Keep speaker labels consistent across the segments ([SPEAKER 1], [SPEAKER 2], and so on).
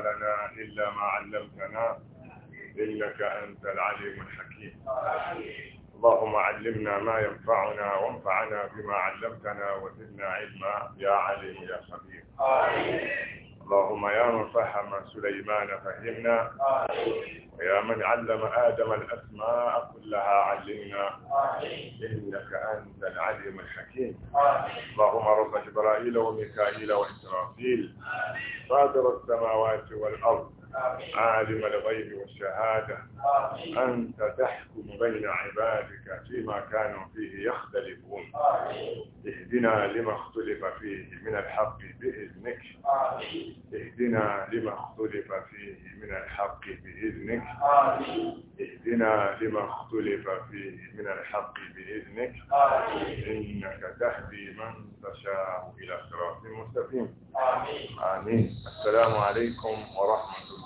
[SPEAKER 1] لنا إلا ما علمتنا إنك أنت العليم الحكيم اللهم علمنا ما ينفعنا وانفعنا بما علمتنا وزدنا علما يا عليم يا خبير آمين اللهم يا من فهم سليمان فهمنا ويا من علم آدم الأسماء كلها علمنا إنك أنت العليم الحكيم اللهم رب جبرائيل وميكائيل وإسرافيل فاطر السماوات والأرض عالم الغيب والشهادة أنت تحكم بين عبادك فيما كانوا فيه يختلفون اهدنا لما اختلف فيه من الحق بإذنك اهدنا لما اختلف فيه من الحق بإذنك اهدنا لما اختلف فيه من الحق بإذنك إنك تهدي من تشاء إلى صراط مستقيم آمين السلام عليكم ورحمة الله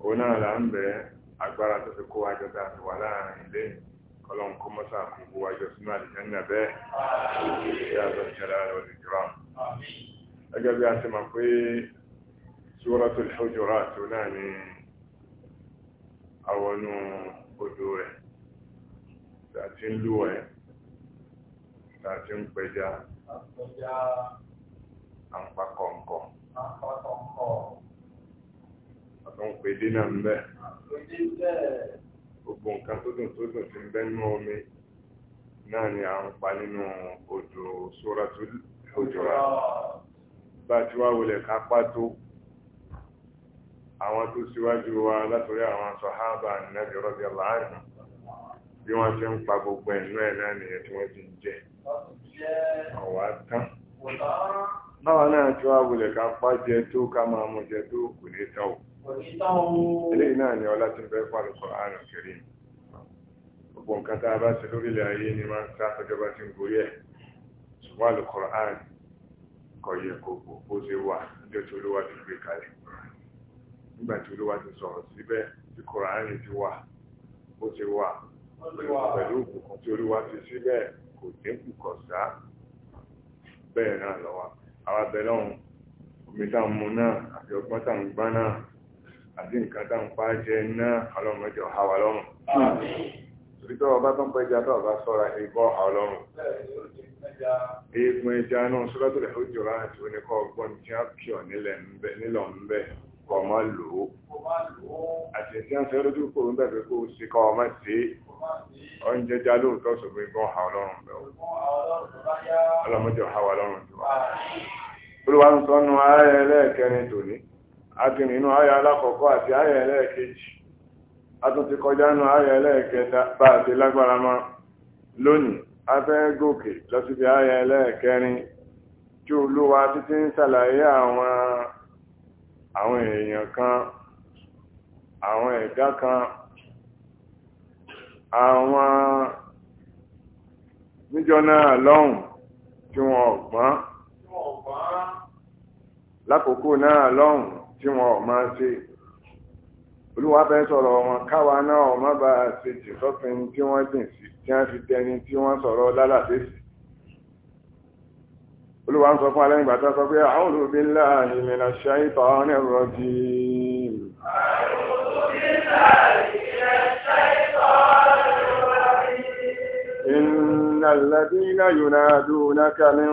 [SPEAKER 1] òun náà là ń bẹ̀ agbára tó fi kó wájọ́ tá a fi wà láàrin ilé kọlọ́n kó mọ́sà fi kó wájọ́ sínú àlìjẹ́nà bẹ́ẹ̀ ṣe àtọ̀jẹ́ra rẹ̀ lè jọra gẹ́gẹ́ bí a tó náà ni àwọnú odò rẹ̀ tàti ń lú ẹ̀ tàti ń pẹja àpapọ̀ǹkọ̀ àtọ́n pè dé náà ń bẹ́ gbogbo nǹkan tó dùn tó dùn ti ń bẹ́ nínú omi náà ni à ń pa nínú odò Suratul Hujurat bá ti wá wọlé ká pàtó àwọn tó síwájú wa látòrí àwọn sàhábà Ànábì radiyallahu anhu bí wọ́n ti ń pa gbogbo ẹ̀nú ẹ̀ náà nìyẹn tí wọ́n ti ń jẹ ọ̀wá tán báwa náà tí wá wọlé ká pàjẹ tó ká máa mú jẹ tó kò ní tán òkú
[SPEAKER 2] eléyìí
[SPEAKER 1] náà ni ọlá ti bẹ fún Al-Qur'an Al-Karim gbogbo nǹkan tá a bá ṣe lórílẹ̀ ayé ni máa ń sá tọ́jọ́ bá ti ń gorí ẹ̀ ṣùgbọ́n Al-Qur'an kò yẹ kó kó bó ṣe wà níjọ́ tí olówó ti gbé kalẹ̀ nígbà tí olówó ti sọ̀rọ̀ síbẹ̀ tí Qur'an ti wà bó ṣe wà pẹ̀lú òkùnkùn tí olówó ti síbẹ̀ kò dínkù kọ̀ sá bẹ́ẹ̀ náà lọ́wọ́ àwọn abẹ́lọ́hún omi táwọn mu náà àti ọgbọ́n táwọn gbá náà àti nǹkan tá ń pa jẹ náà ọlọ́mọdé ọ̀há wa lọ́rùn. Tòrítọ́ ọba tó ń pẹ́ jà tó ọba sọ́ra ìbọ́ ọ̀há ọlọ́run.
[SPEAKER 2] Eégún ẹja náà
[SPEAKER 1] sọ́lọ́tò rẹ̀ ó jọra àti oníkọ́ ọgbọ́n tí a kí ọ nílẹ̀ ńbẹ̀ kọ̀ máa lò ó. Àti tí a ń sẹ́ lójú kòrò ń bẹ̀rẹ̀ kó o ṣe kọ́ ọmọ sí oúnjẹ já lóòótọ́ ṣògbọ́n ìbọn ọ̀há ọlọ́run bẹ̀
[SPEAKER 2] ọlọ́mọdé ọ̀há wa lọ́rùn jù wá.
[SPEAKER 1] Olúwa ń sọ́nu ààrẹ ẹlẹ́ẹ̀kẹrin tòní agìn nínú ayà alákọ̀ọ́kọ́ àti ayà ẹlẹ́ẹ̀kejì a tún ti kọjá nínú ayà ẹlẹ́ẹ̀kẹta bá àti lágbára mọ́ lónìí a fẹ́ gòkè lọ síbi ayà ẹlẹ́ẹ̀kẹrin tí olúwa títí ń ṣàlàyé àwọn àwọn èèyàn kan àwọn ẹ̀dá kan àwọn níjọ náà lọ́hùn tí wọ́n ọ̀gbọ́n lákòókò náà lọ́hùn tí wọn ò máa ṣe olúwa fẹ́ sọ̀rọ̀ wọn káwa náà ò má bàa ṣe jìsọ́fin tí wọ́n dìn sí tí wọ́n fi dẹni tí wọ́n sọ̀rọ̀ lálàdé sí olúwa ń sọ fún alẹ́ ìgbà sọ pé a'udhu billahi minash shaitanir rajim a'udhu billahi minash shaitanir rajim innal ladina yunadunaka min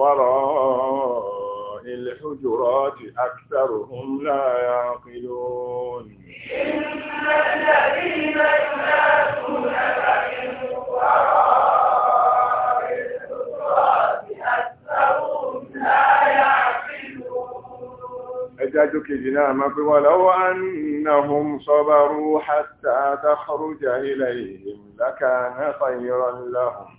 [SPEAKER 1] wara في الحجرات أكثرهم لا يعقلون إن
[SPEAKER 2] الذين ينادونك من الحجرات أكثرهم لا
[SPEAKER 1] يعقلون ولو أنهم صبروا حتى تخرج إليهم لكان خيرا لهم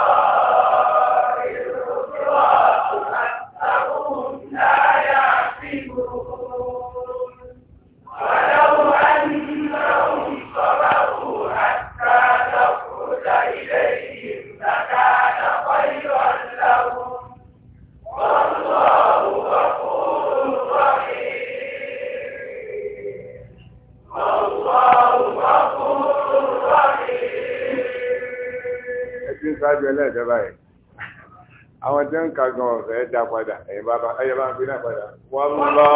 [SPEAKER 1] ju ẹlẹ́ẹ̀kẹ́ báyìí àwọn tí ń ka gan ọ̀fẹ́ dá padà ẹ̀yìn bàbá ẹ̀yẹ bá ń fi náà padà. wọ́n lọ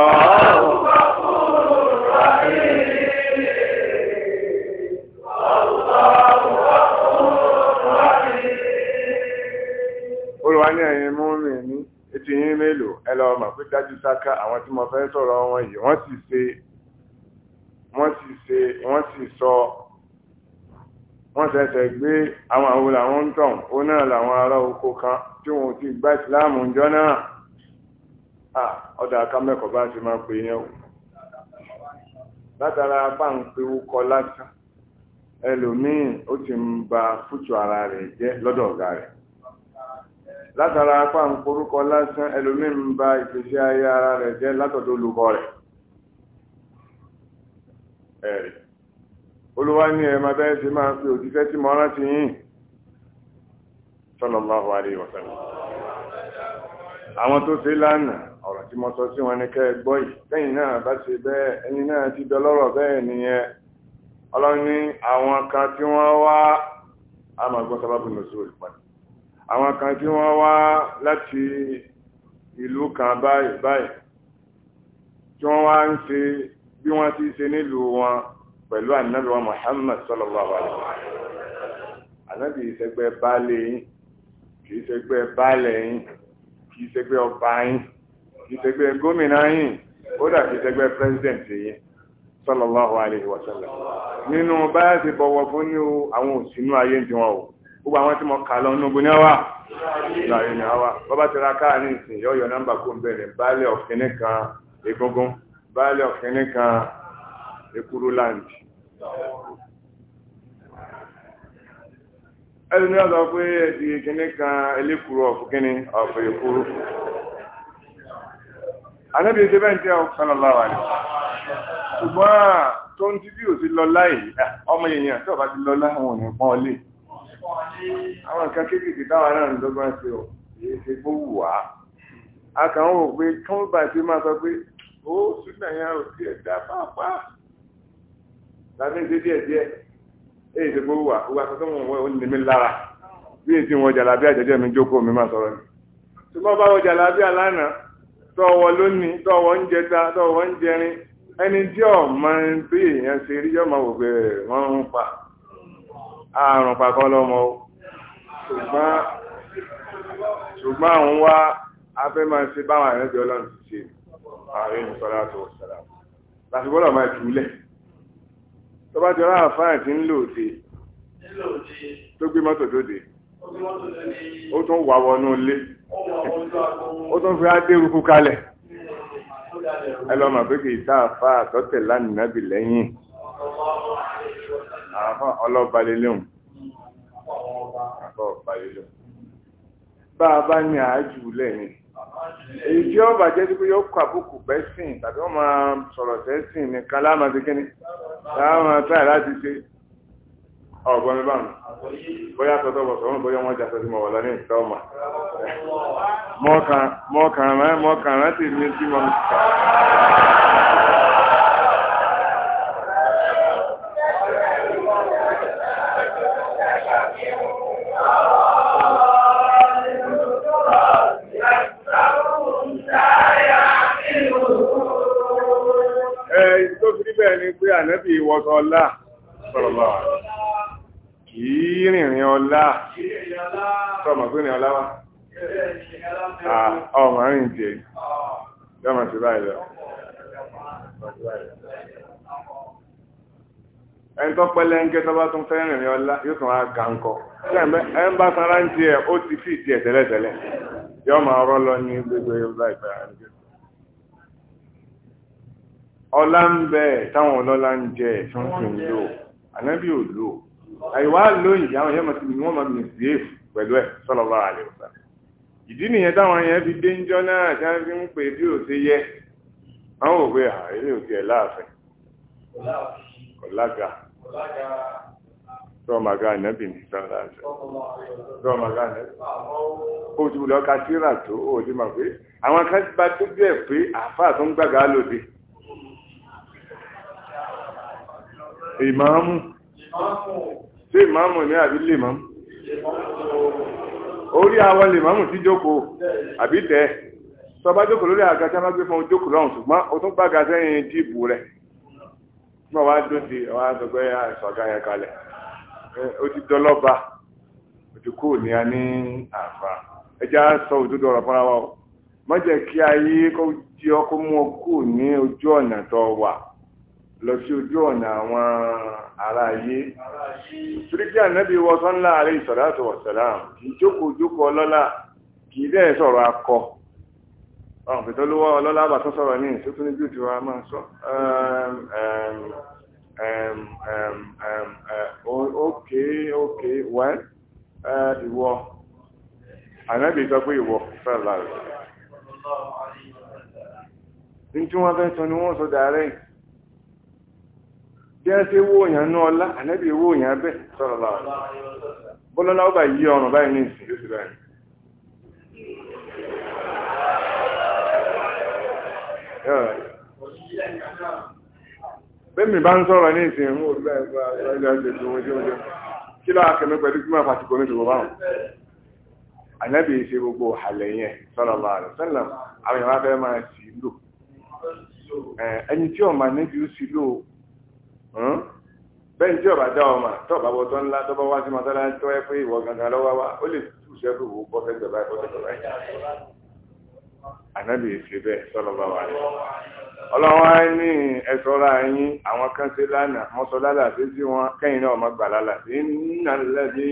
[SPEAKER 1] olùwà ní ẹ̀yin mú mi ní etí yín mélòó ẹ lọ mà pé dájú sáká àwọn tí mo fẹ́ sọ̀rọ̀ wọn yìí wọ́n sì ṣe wọ́n sì ṣe wọ́n sì sọ. wọ́n ṣẹ̀ṣẹ̀ gbé àwọn àwọn làwọn ń tàn ó náà làwọn ará oko kan tí wọn ti gba ìsìláàmù ńjọ́ náà ọ̀dà akámẹ́kọ̀ọ́ bá ti máa pè yẹn o látara bá ń pe wúkọ lásán ẹlòmíín ó ti ń ba fútu ara rẹ̀ jẹ́ lọ́dọ̀ ọ̀gá rẹ̀ látara apá ń porúkọ lásán ẹlòmíín ń ba ìgbésí ayé ara rẹ̀ jẹ́ látọ̀dọ̀ olùkọ́ rẹ̀ ẹ̀rì. olúwa ní ẹ̀mà bẹ́ẹ̀ sí máa fi òjíṣẹ́ tí mọ́ rántí yìn sallallahu alaihi wa sallam àwọn tó ṣe lánàá ọ̀rọ̀ tí mo sọ sí wọn ní kẹ́ gbọ́ yìí tẹ́yìn náà bá ṣe bẹ́ẹ̀ ẹni náà ti dọlọ́rọ̀ bẹ́ẹ̀ ìlú kan báyìí báyìí tí wọ́n wá ń ṣe bí wọ́n ti ṣe nílùú wọn pẹ̀lú ànábì wa Muhammad sallallahu alaihi wa sallam ànábì ìṣẹ́gbẹ́ baálé yín kìí ṣẹgbẹ́ baálẹ̀ yín kìí ṣẹgbẹ́ ọba yín kìí ṣẹgbẹ́ gómìnà yín kódà kìí ṣẹgbẹ́ president yín sallallahu alaihi wa sallam nínú báyà ti bọ̀wọ̀ fún ní àwọn òsínú ayé ti wọn o gbogbo àwọn tí mo kà lọ nínú gbóni àwà láàyè ní àwà bọ́bá Ekuru land. Ẹni ní ọ̀sán pé ẹ̀dì kìíní kan elékuru ọ̀fún kìíní ọ̀fún ekuru. Ànábì ti bẹ́ẹ̀ tí ọ̀hún sọ́nà lọ́wọ́ rẹ̀. Ṣùgbọ́n tó ń tí bí ò sí lọ láì ọmọ èèyàn tí ọba ti lọ láwọn ò ní pọ́n ọlé. Àwọn nǹkan kéékèèké táwọn náà ń dọ́gbọ́n sí ọ̀ èyí ṣe gbówù wá tàbí ṣe díẹ̀ díẹ̀ èyí ṣe gbówó wà wọ́n akọ́kọ́ wọn wọ́n ní mi lára bí èyí tí wọ́n jàlábí àjẹjẹ́ mi jókòó mi máa sọ̀rọ̀ ni. ṣùgbọ́n bá wọ jàlábí àlánà tọwọ́ lónìí tọwọ́ ń jẹta tọwọ́ ń jẹrin ẹni tí ọ̀ máa ń bí èèyàn ṣe rí yọ́mọ ògbẹ́ wọ́n ń pa àrùn pàkọ́ lọ́mọ o ṣùgbọ́n ṣùgbọ́n àwọn wá afẹ́ máa ń ṣe báwọn àyànjẹ́ ọlọ́run ti ṣe ààrẹ ìmùsọ̀lá àtọ̀wọ̀sọ̀lá láti gbọ́dọ̀ máa jùlẹ̀ tó bá jọra àfáà tí ń lò dé tó gbé mọ́tò tó dé ó tún wà wọnú ilé
[SPEAKER 2] ó tún fi adérúkú kalẹ̀ ẹ lọ mà pé kì
[SPEAKER 1] í tá àfáà tọ́tẹ̀ lánàábì lẹ́yìn
[SPEAKER 2] àfáà ọlọ́ba lélẹ́hùn
[SPEAKER 1] àfáà ọba lélẹ́hùn bá a bá ní àájú lẹ́yìn. èyí tí ó bàjẹ́ sí yóò kọ tàbí wọ́n máa sọ̀rọ̀ sẹ́sìn nìkan láàmà sí kíní láàmà táì láti ṣe ọ̀gbọ́n mi bá bóyá tọ́tọ́ bọ̀ sọ̀rọ̀ bóyá wọ́n jà tó fi níbẹ̀ ni pé ànábì ìwọ̀sọ̀ ọlá sọ̀rọ̀lọ́ kìí rìnrìn ọlá
[SPEAKER 2] sọ̀mọ̀ pé ní ọlá wá ọmọ rìn jẹ́ yọmọ sí báyìí lọ
[SPEAKER 1] ẹni tó pẹ́lẹ́ ń gẹ́ tó bá tún fẹ́ rìnrìn ọlá yóò tún á ga ńkọ́ ẹ ń bá sanra ń jẹ ó ti fi ìdí ẹ̀ tẹ́lẹ̀tẹ́lẹ̀ yọmọ ọ̀rọ̀ lọ ní gbogbo Yorùbá ìgbà ọlá ń bẹ táwọn ọlọ́lá ń jẹ tí wọ́n fi ń lò ànábì ò lò àìwá lóyìn àwọn yẹn ni wọ́n máa misbehave pẹ̀lú ẹ̀ sallallahu alaihi wasallam ìdí nìyẹn táwọn yẹn fi dé ń jọ náà tí wọ́n fi ń pè bí ò ṣe yẹ àwọn òwe àìlè òkè ẹ̀ láàfin ọ̀làgà tọ́màgá ànábì ní sọ́lá àṣẹ tọ́màgá ànábì ó ti wùlọ́ ka síra tó ó ti mọ̀ pé àwọn akẹ́gbà ìmáàmù ṣé ìmáàmù ní àbí lè máàmù
[SPEAKER 2] orí àwọn lè máàmù sí jókòó àbí
[SPEAKER 1] tẹ tọba jókòó lórí àga tí a bá gbé fún jókòó lọ́hùn ṣùgbọ́n o tún gbága sẹ́yìn tíìbù rẹ̀ tí wá dún sí ọwọ́ àtọ́gbẹ́ àìsàn ọ̀gá yẹn kalẹ̀ ó ti dọlọ́ba ó ti kú ní a ní àfa ẹja sọ òdodo ọ̀rọ̀ fúnra wa kí ayé kó ọ mú ní ojú ọ̀nà tó lọ sí ojú ọ̀nà àwọn ará ayé torí kí ànábì wọ sọ́nlá àárẹ̀ ìsọ̀dáàtò wọ̀sẹ̀láàm kì í jókòó jókòó ọlọ́lá kì í dẹ́ẹ̀ sọ̀rọ̀ akọ ọ̀n pẹ̀tọ́ ló wọ́ ọlọ́lá bá tó sọ̀rọ̀ ní ìṣó tó ní bí ó ti wá máa sọ ókè ókè wẹ́ ìwọ ànábì sọ pé ìwọ fẹ́ láàrẹ̀ ní tí wọ́n fẹ́ sọ ni wọ́n sọ dàárẹ̀ yìí bí wọ́n ṣe wó èèyàn ní ọlá ànábì wó èèyàn bẹ́ẹ̀ sọ̀rọ̀
[SPEAKER 2] láàrín bọ́lọ́lá ó bá yí ọrùn báyìí ní
[SPEAKER 1] ìsìn yóò sì báyìí. bẹ́ẹ̀ni bá ń sọ̀rọ̀ ní ìsìn mú òdúrà ẹ̀fọ́ ẹ̀fọ́ ẹ̀fọ́ ẹ̀fọ́ kí ló akẹ́mi pẹ̀lú kí máa fàtìkọ́ ní ìdìbò báwọn. ànábì Hmm? bẹ́ẹ̀ tí ọba dá ọmọ tọ́ba bọ́ tọ́ ńlá tọ́ba wá sí mọ́tálá tọ́ ẹ pé ìwọ gangan lọ́wọ́ wa ó lè tú sẹ́kù wò bọ́ sẹ́kù báyìí bọ́ sẹ́kù báyìí. ànábì ṣe bẹ́ẹ̀ sọ́lọ́ bá wà lẹ́yìn. ọlọ́wọ́n á ní ẹ̀sọ́ra yín àwọn kan ṣe lánàá wọ́n sọ lálà sí sí wọn kẹ́yìn náà ọmọ gbà lálà sí nínà lẹ́bí.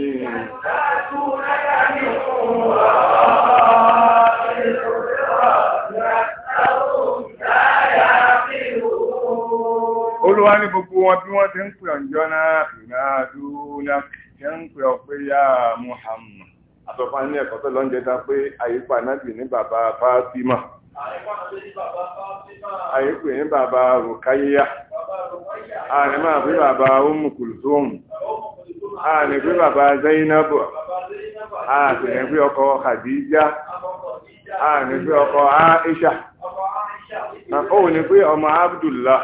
[SPEAKER 1] olúwa ní gbogbo wọn bí wọ́n ti ń pè ọ̀njọ́ náà ìrìnàdúnà ti ń pè ọ̀pẹ́ yá Muhammad àtọ̀fà ní ẹ̀kọ́ tó lọ́njẹ́ dá pé àyípa náàbì ní bàbá Fátímà
[SPEAKER 2] àyípa ní bàbá Rùkáyíyá àní máa fi bàbá Ummu
[SPEAKER 1] Kulthum àní fi bàbá Zainabu àti ní fi ọkọ Khadija
[SPEAKER 2] àní fi ọkọ Aisha ó ní pé ọmọ Abdullah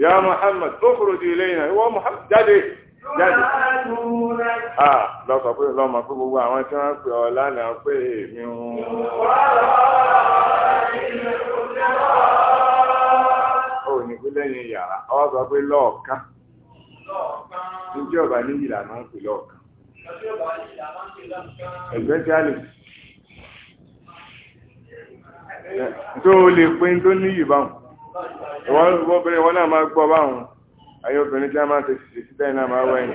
[SPEAKER 1] ya Muhammad ukhruj ilayna ìwọ Muhammad jáde jáde. lọ́sọ̀ لا lọ́mọ pé gbogbo àwọn tí wọ́n pè ọ́ lánàá pé èmi ń. ó ní pé lẹ́yìn yàrá ọ sọ pé lọ́ọ̀kan níjẹ́ ọba níyì là máa ń pè lọ́ọ̀kan. ẹgbẹ́ tí a lè. tó o lè pe tó níyì báwọn ìwọ́n obìnrin wọn náà máa gbọ́ báwọn ayé obìnrin tí a máa ṣe sí bẹ́ẹ̀ náà máa wẹ̀ ní.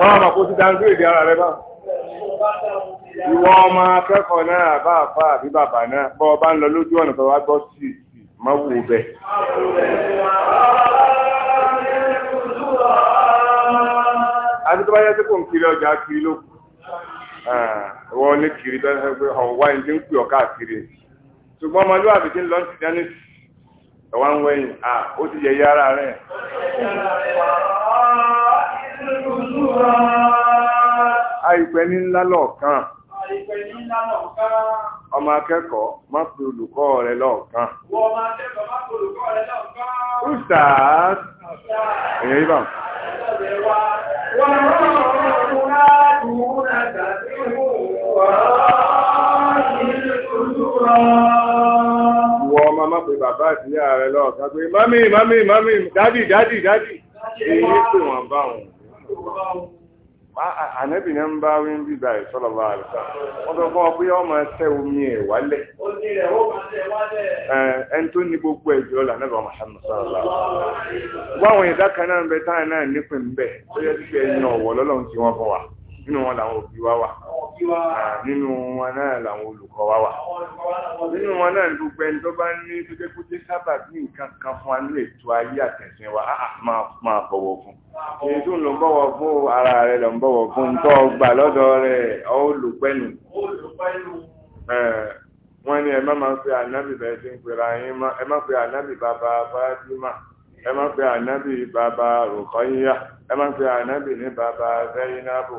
[SPEAKER 1] wọ́n máa kó sí dáńdú èdè ara rẹ bá. ìwọ ọmọ akẹ́kọ̀ọ́ náà bá àfa àbí bàbá náà bọ́ ọ ń lọ lójú ọ̀nà tó wá gbọ́ sí i má wù ú bẹ́ẹ̀. àti tó bá yẹ kí kò ń kiri ọjà kiri lókun. wọ́n ní kiri lọ́sẹ̀ pé ọ̀hún wá ẹni ń pè ọ́ ṣùgbọ́n tí ń lọ sí jẹ́nìtì ẹ̀wá ń wẹ̀yìn à ó ti yẹ yára rẹ̀. àìpẹ́ ní ńlá lọ́ọ̀kan ọmọ akẹ́kọ̀ọ́ má Ha olùkọ́ rẹ lọ́ọ̀kan.
[SPEAKER 2] ọmọ ó sàá èyí bá. wọ́n náà.
[SPEAKER 1] Ìwọ ọmọ má pe bàbá àti ìyá lọ ọ̀sán mami mami mami dádì dádì dádì èyí pè wọ́n bá wọn. Ànẹ́bì náà ń bá wí ń bíbá ìsọ́lọ̀ bá àlùfà. Wọ́n sọ fún ọ pé ọmọ ẹsẹ̀ omi ẹ̀ wálẹ̀. Ẹni tó ní gbogbo ẹ̀jọ́ là náà bá ọmọ Ṣàmù sọ̀rọ̀. Wọ́n àwọn ìdá kan náà ń bẹ táyà náà nípìn bẹ́ẹ̀. Ó yẹ nínú wọn làwọn òbí wa wà nínú wọn náà làwọn olùkọ́ wa
[SPEAKER 2] wà nínú wọn
[SPEAKER 1] náà ní gbogbo ẹni tó bá ní pípẹ́kúté sábà bí nǹkan kan fún wa nílé ètò ayé àtẹ̀sìn wa máa bọ̀wọ̀ fún èyí tó ń lọ bọ̀wọ̀ fún ara rẹ̀ lọ ń bọ̀wọ̀ fún tó gbà lọ́dọ̀ rẹ̀ olùpẹ́nu wọ́n ní ẹ má máa pe ànábì bẹ́ẹ̀ ti ń pera yín ẹ má pe ànábì bàbá Fátímà ẹ má pe ànábì bàbá Rùkọ́yíyá ẹ má pe ànábì ní bàbá Zainabu.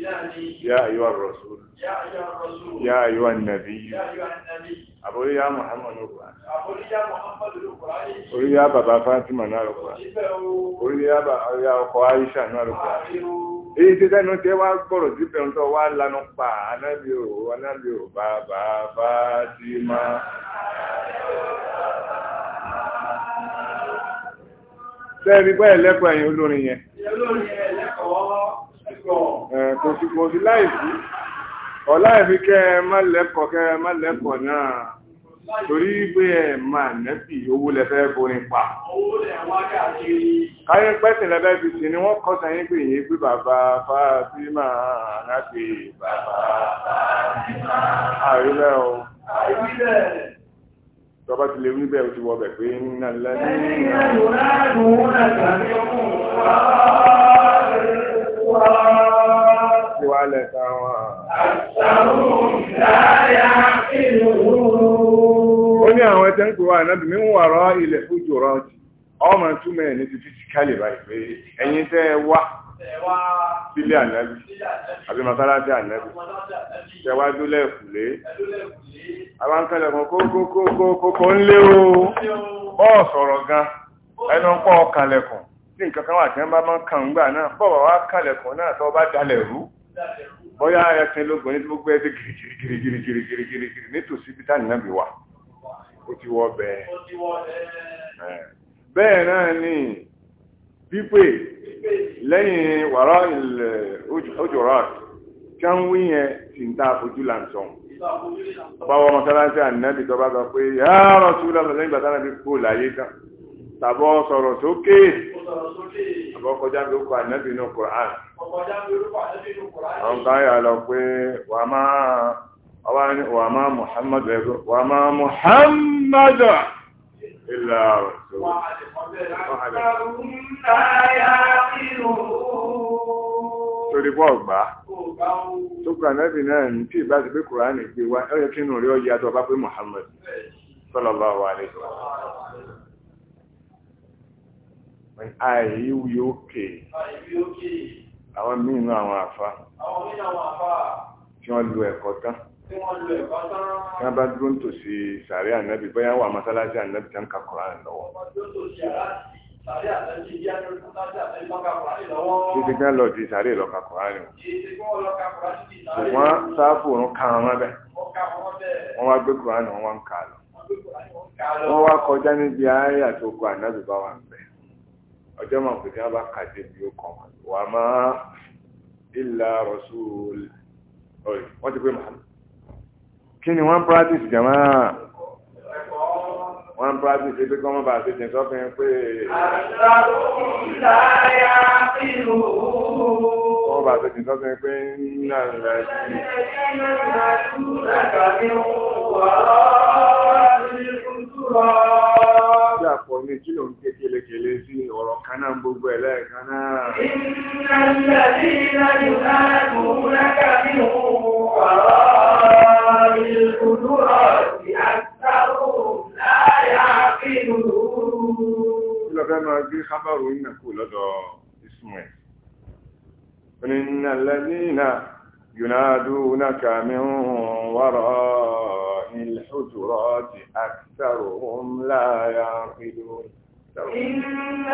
[SPEAKER 2] يا أيها الرسول يا أيها النبي أقول يا محمد القرآن أقول يا بابا فاطمة نار
[SPEAKER 1] القرآن أقول يا بابا يا أخو نار القرآن èyí tí sẹ́nu tí wá gbọ́rọ̀ sí pẹ̀lú tó wá lanu pẹ́ ẹ̀lẹ́kọ̀ọ́ ẹ̀yìn olórin yẹn.
[SPEAKER 2] olórin yẹn ẹ̀lẹ́kọ̀ọ́. Eh,
[SPEAKER 1] kò sí láìsí ọ̀la ẹ̀fí kẹ́ ẹ má lẹ́kọ̀ọ́ kẹ́ ẹ má lẹ́kọ̀ọ́ náà torí pé ẹ máa nẹ́bì owó lẹ́fẹ́ borin pa. káyọ̀ pẹ́sìn lẹ́fẹ́ fi sí ni wọ́n kọ́ sẹ́yìn pé yìí pé bàbá Fátímà láti bàbá Fátímà o. tọba ti lè wí ti wọ pé nínú alẹ́ ní. ìrìnàjò náà lòun náà tàbí
[SPEAKER 2] ọkùnrin wàhálẹ̀
[SPEAKER 1] táwọn. ó ní àwọn ẹtẹ́ ń pè wá ilẹ̀ fújù rọ̀ ọmọ ní ti fíjìkálì báyìí pé tẹ́ wá
[SPEAKER 2] o bọ́ọ̀
[SPEAKER 1] sọ̀rọ̀ gan ẹnu ní nǹkan kan wà tí wọ́n bá máa ń kàn ń gbà náà bọ́ọ̀bà wá kàlẹ̀kùn náà tó bá dalẹ̀ rú bóyá ẹsẹ̀ lóògùn ní gbogbo ẹsẹ̀ gírígírígírígírígírígírí nítòsí bí táyì náà bí wà ó ti wọ bẹ́ẹ̀ bẹ́ẹ̀ náà ni pípé lẹ́yìn wàrà òjòrà tí wọ́n wí yẹn sì ń ta fojú làǹtọ̀n báwọn mọ́sálásí ànábì tó bá sọ pé yàrá ọ̀tún lọ́sọ̀ lẹ́yìn bàtà náà bí kú láyé tán tàbọ̀ sọ̀rọ̀ sókè. sọ̀rọ̀ sókè. àbọ̀kọjá bí orúkọ ànábì inú Kùránì. àwọn kan yà lọ pé wà máa ọwọ́ ni wà máa Muhammadu ẹ̀rọ wà máa
[SPEAKER 2] torí bọ́ ọ̀gbá
[SPEAKER 1] tó Muhammad àìríwí ah, òkè àwọn mínú àwọn àfá tí wọ́n lo ẹ̀kọ́ tán
[SPEAKER 2] tí wọ́n bá dúró
[SPEAKER 1] tòsí sàárẹ́ ànábì bóyá wà mọ́sálásí ànábì tán ka Kùránì lọ́wọ́
[SPEAKER 2] títí ká lọ di sàárẹ́ lọ́ka Kùránì wọ́n sáfù òun kan wọn bẹ́ẹ̀ wọ́n wá gbé Kùránì
[SPEAKER 1] wọn wá ń kà lọ wọ́n wá kọjá níbi ayé àtòkù ànábì bá wà ń ọjọ́ máa pè tí wọ́n bá kàdé bí ó kàn wà máa ilà rasul wọ́n ti pé Muhammad kí ni wọ́n practice jama wọ́n practice pé kọ́mọ́ bá ṣe jẹ́ sọ́kùnrin pé kọ́mọ́ bá ṣe jẹ́ sọ́kùnrin pé nínà ńlá sí i dàpọ̀ ní kí ló ń ké kélékélé sí ọ̀rọ̀ kan náà gbogbo ẹ̀ lẹ́ẹ̀kan náà.
[SPEAKER 2] ìnáyà sí ìnáyà náà kò lákà nínú ọ̀rọ̀ ìlú ọ̀sìn àtàwọn láyà kínú.
[SPEAKER 1] kí ló fẹ́ máa gbé sábàrò nínà kú lọ́dọ̀ ismail. ìnáyà lẹ́yìn náà yóò náà dúró náà kàmí ń wọ́rọ̀. من الحجرات أكثرهم لا يعقلون إن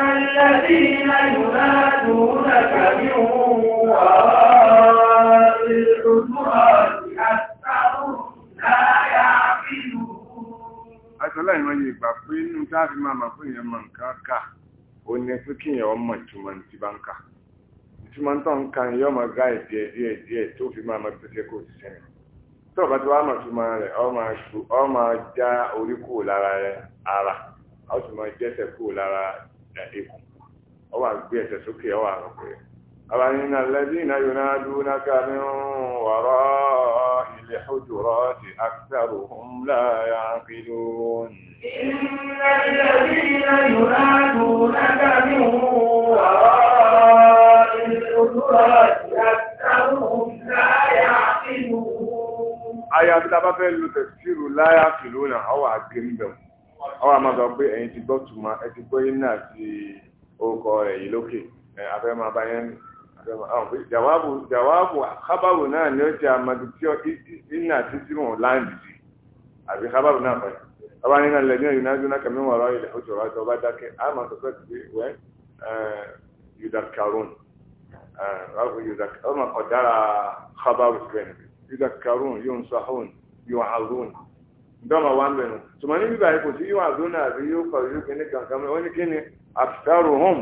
[SPEAKER 2] الذين ينادونك من وراء الحجرات أكثرهم لا يعقلون
[SPEAKER 1] Àtọ́lá ìwọ̀n yìí gbà pé inú táàfin máa máa fún ìyẹn mọ̀ nǹkan ká, ó ní pé kí ìyẹn ọmọ ìtumọ̀ ti bá ń ká. Ìtumọ̀ ń ká ni yọ́ máa gá ìdíẹ̀ díẹ̀ díẹ̀ tó fi máa máa pèsè kò sí sẹ́yìn. tọ́ọ̀bá tí wàá mọ̀ ọ máa já orí kúrò lára rẹ̀ ara ọ sì máa jẹ́sẹ̀ kúrò lára ọ wà gbé ẹsẹ̀ sókè ọ wà rọ̀ pé ọba nínú alẹ́bí iná yóò náà dúró náà wọ̀rọ̀ ilé ti akẹ́rù ya ń fi iná iná yóò náà dúró náà
[SPEAKER 2] wọ̀rọ̀ ilé ti
[SPEAKER 1] àyà tí tábà fẹ́ lu tẹ̀síìrù láyà kìló náà ọwọ́ àgbẹ̀ ń bẹ̀rù ọwọ́ àmọ́ sọ pé ẹ̀yin ti gbọ́ tuma ẹ ti gbọ́ yín náà ti orúkọ rẹ̀ yìí lókè afẹ́ máa bá yẹn jawabu jawabu kábàrò náà ni ó jẹ́ amadu tí yín náà ti sí wọn láǹdì sí àbí kábàrò náà fẹ́ ọba nínú ilẹ̀ ní ìrìnà àjọ náà kàmí wọn rọ ilẹ̀ ojú ọ̀rọ̀ àti ọba dákẹ́ àmọ́ sọ pé ti wẹ́ yudakarun ọmọ kọ̀ dára kábàrò síbẹ̀ nìkan. yudakkarun yunsahun yu'azun ndọ́mà wà ń bẹ̀rù tùmọ̀ ní bíbá ipò tí yóò àdúnà àbí yóò kọ̀ yóò kíní kankan mẹ́ wọ́n ní kíni àfitáàrò hàn.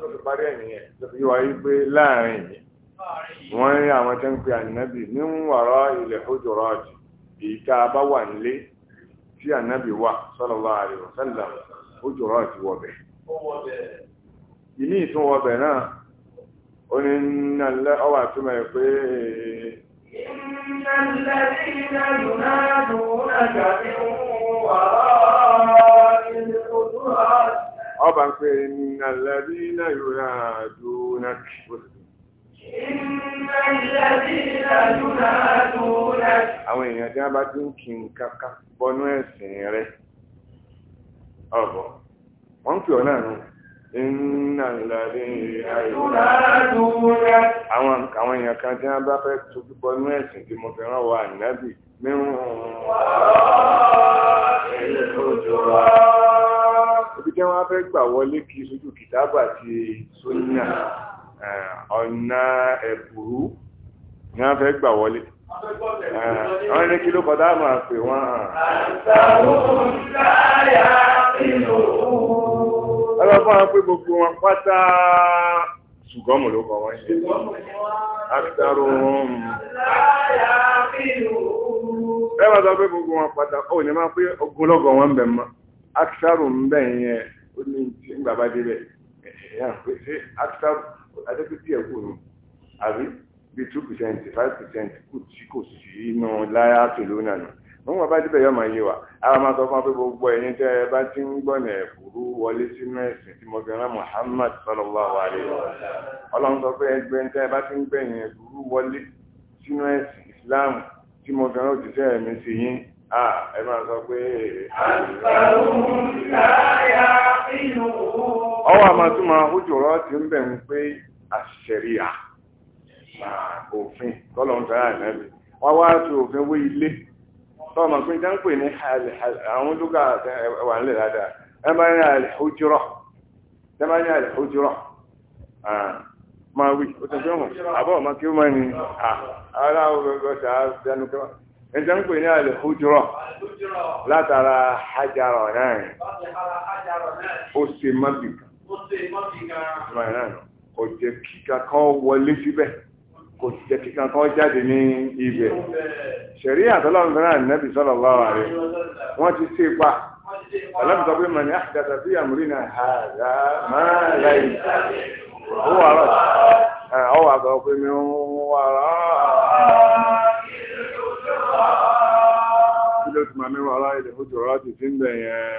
[SPEAKER 1] ló fi parí ẹ̀yìn yẹn ló fi wáyé pé láàrin yìí wọ́n rí àwọn tó ń pe ànábì ní ń wọ̀rọ̀ ilẹ̀ a ó ní nínà lẹ́ ọwà tó ọba ń pè inna alladhina yunadunaka
[SPEAKER 2] Inna àwọn èèyàn tí wọ́n
[SPEAKER 1] bá ti kí ẹ̀sìn rẹ̀ ọ̀bọ̀ wọ́n ń pè ọ́ náà nù. iná ìlàdé àìlúwàdúwà àwọn àwọn èèyàn kan tí wọ́n bá fẹ́ tóbi bọ́ inú ẹ̀sìn tí mo fẹ́ràn wà nábì mírùn ibi tí wọ́n fẹ́ gbà wọlé kí sójú kìtàbà ti sóyà ọ̀nà ẹ̀bùrú ni wọ́n fẹ́ gbà wọlé wọ́n ní kí ló ọlọ́pàá wọn pé gbogbo wọn pátá ṣùgbọ́n mò ló kọ wọ́n ṣe akitaro wọn. ẹ máa sọ pé gbogbo wọn pátá ó ní máa pé ogunlọ́gọ̀ wọn bẹ̀ mọ́ akitaro ń bẹ̀ yẹn ó ní nígbà bá débẹ̀ ẹ̀yà pé ṣé akitaro adébítì ẹ̀ kù nù àbí bíi two percent five percent kù tí kò sí inú láyà pẹ̀lú nànà. fún wọn bá débẹ̀ yọ máa wa àwọn máa sọ fún wa pé gbogbo ẹ̀yin tẹ́ ẹ bá ti ń gbọ́nà ẹ̀kúrú wọlé sínú ẹ̀sìn Muhammad ọlọ́run sọ pé ẹgbẹ́ ẹ bá ti ń wọlé ti ń bẹ̀ ń pé àṣẹríà òfin ọmọ pé tá ń pè ní àwọn lúgà wà nílẹ̀ dáadáa ẹ bá ní àlùjúrọ̀ ẹ bá ní àlùjúrọ̀ máa wí ó tẹ̀sí ọmọ àbọ̀ ọmọ kí ó máa ní ara ọgbẹ̀gbẹ̀ta dánú kẹwàá ẹ jẹ́ ń pè ní àlùjúrọ̀ látara hajarọ̀ náà
[SPEAKER 2] ó ṣe mọ́bì kan kan
[SPEAKER 1] ó jẹ́ kíkà kan wọlé síbẹ̀. kò sì jẹ́ kíkan kan jáde ní ibẹ̀ ṣẹ̀rí àtọ́lọ́run fẹ́ràn ànábì lọ́wọ́ rẹ̀ wọ́n ti ṣe pa ọlọ́run pé mọ̀ ní àdàtà sí àmúrí náà ha máa láì ó wà rọ̀ ọ wà sọ pé mi ń wà rọ̀ kí ló ti máa mi wà rọ̀ ilẹ̀ ojú ọ̀rọ̀ ti fi ń bẹ̀ yẹn.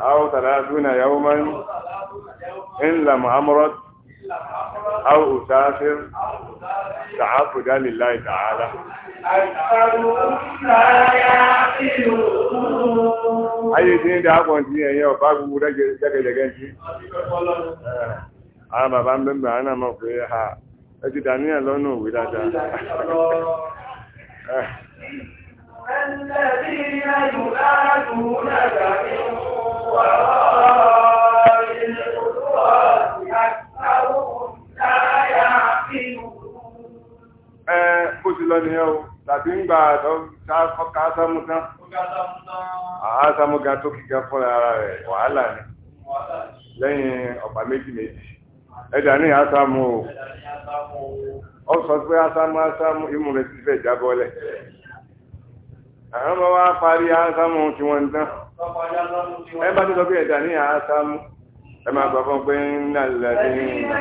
[SPEAKER 2] أو ثلاثون يوما إن لم Inla أو أسافر تعبدا لله تعالى ayé tí ń dáàbọ̀
[SPEAKER 1] tí ẹ̀yẹ́ ọ̀pá gbogbo jẹ́gẹ̀jẹ́gẹ́ tí àwọn bàbá ń bẹ̀mẹ̀ àwọn àmọ́ pé ha ẹ ti dà ní ẹ̀lọ́nà
[SPEAKER 2] الذين ينادونك lọ
[SPEAKER 1] o tàbí ń gbà àtọ́ ká sámú tán tó kíkan ara rẹ̀ wàhálà lẹ́yìn ọ̀pá méjì méjì ní sọ pé imú rẹ̀ fẹ́ àwọn ọmọ wa parí àásámù tí wọ́n ń tán
[SPEAKER 2] ẹ bá ti sọ pé ẹ̀dà ní
[SPEAKER 1] àásámù ẹ máa gbà fún pé ń nà lẹ́dí ní ìgbà.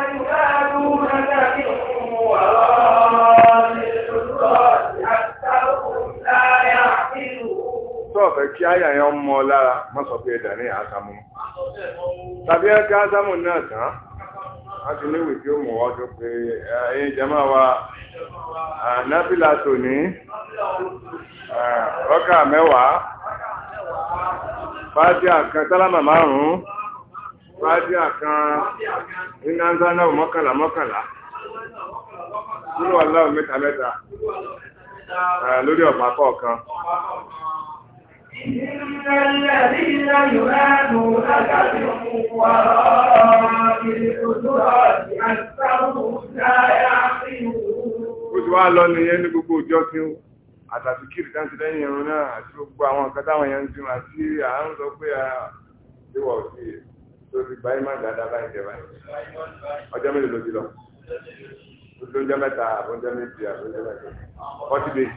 [SPEAKER 1] kí àyà yẹn mọ́ lára mọ́sọ̀ pé ẹ̀dà ní àásámù tàbí ẹ̀ka àásámù náà tán láti léwè tí ó mọ̀ wájú pé ẹ̀yin jẹ́mọ́ wa nábìlà tòní
[SPEAKER 2] rọ́kà mẹ́wàá fájí àkan sálámà márùn-ún fájí àkan ináńsáná mọ́kànlá mọ́kànlá kúrò aláwọ̀ mẹ́ta mẹ́ta lórí ọ̀pá
[SPEAKER 1] kọ̀ọ̀kan. إن
[SPEAKER 2] الذين ينادونك من وراء الحجرات أكثرهم لا يعقلون. Oṣù wa lọ nìyẹn
[SPEAKER 1] ní gbogbo ìjọ tí ó àtàtì kiri dáńtì lẹ́yìn ẹ̀rọ náà àti gbogbo àwọn nǹkan táwọn èèyàn ń dín àti à ń pé à ìwọ̀ sí tó ti gba ìmọ̀ dáadáa báyìí jẹ báyìí. Ọjọ́ mélòó ló ti lọ? Oṣooṣẹ́ mẹ́ta àbọ̀njẹ́ méjì àbọ̀njẹ́ mẹ́ta. Forty days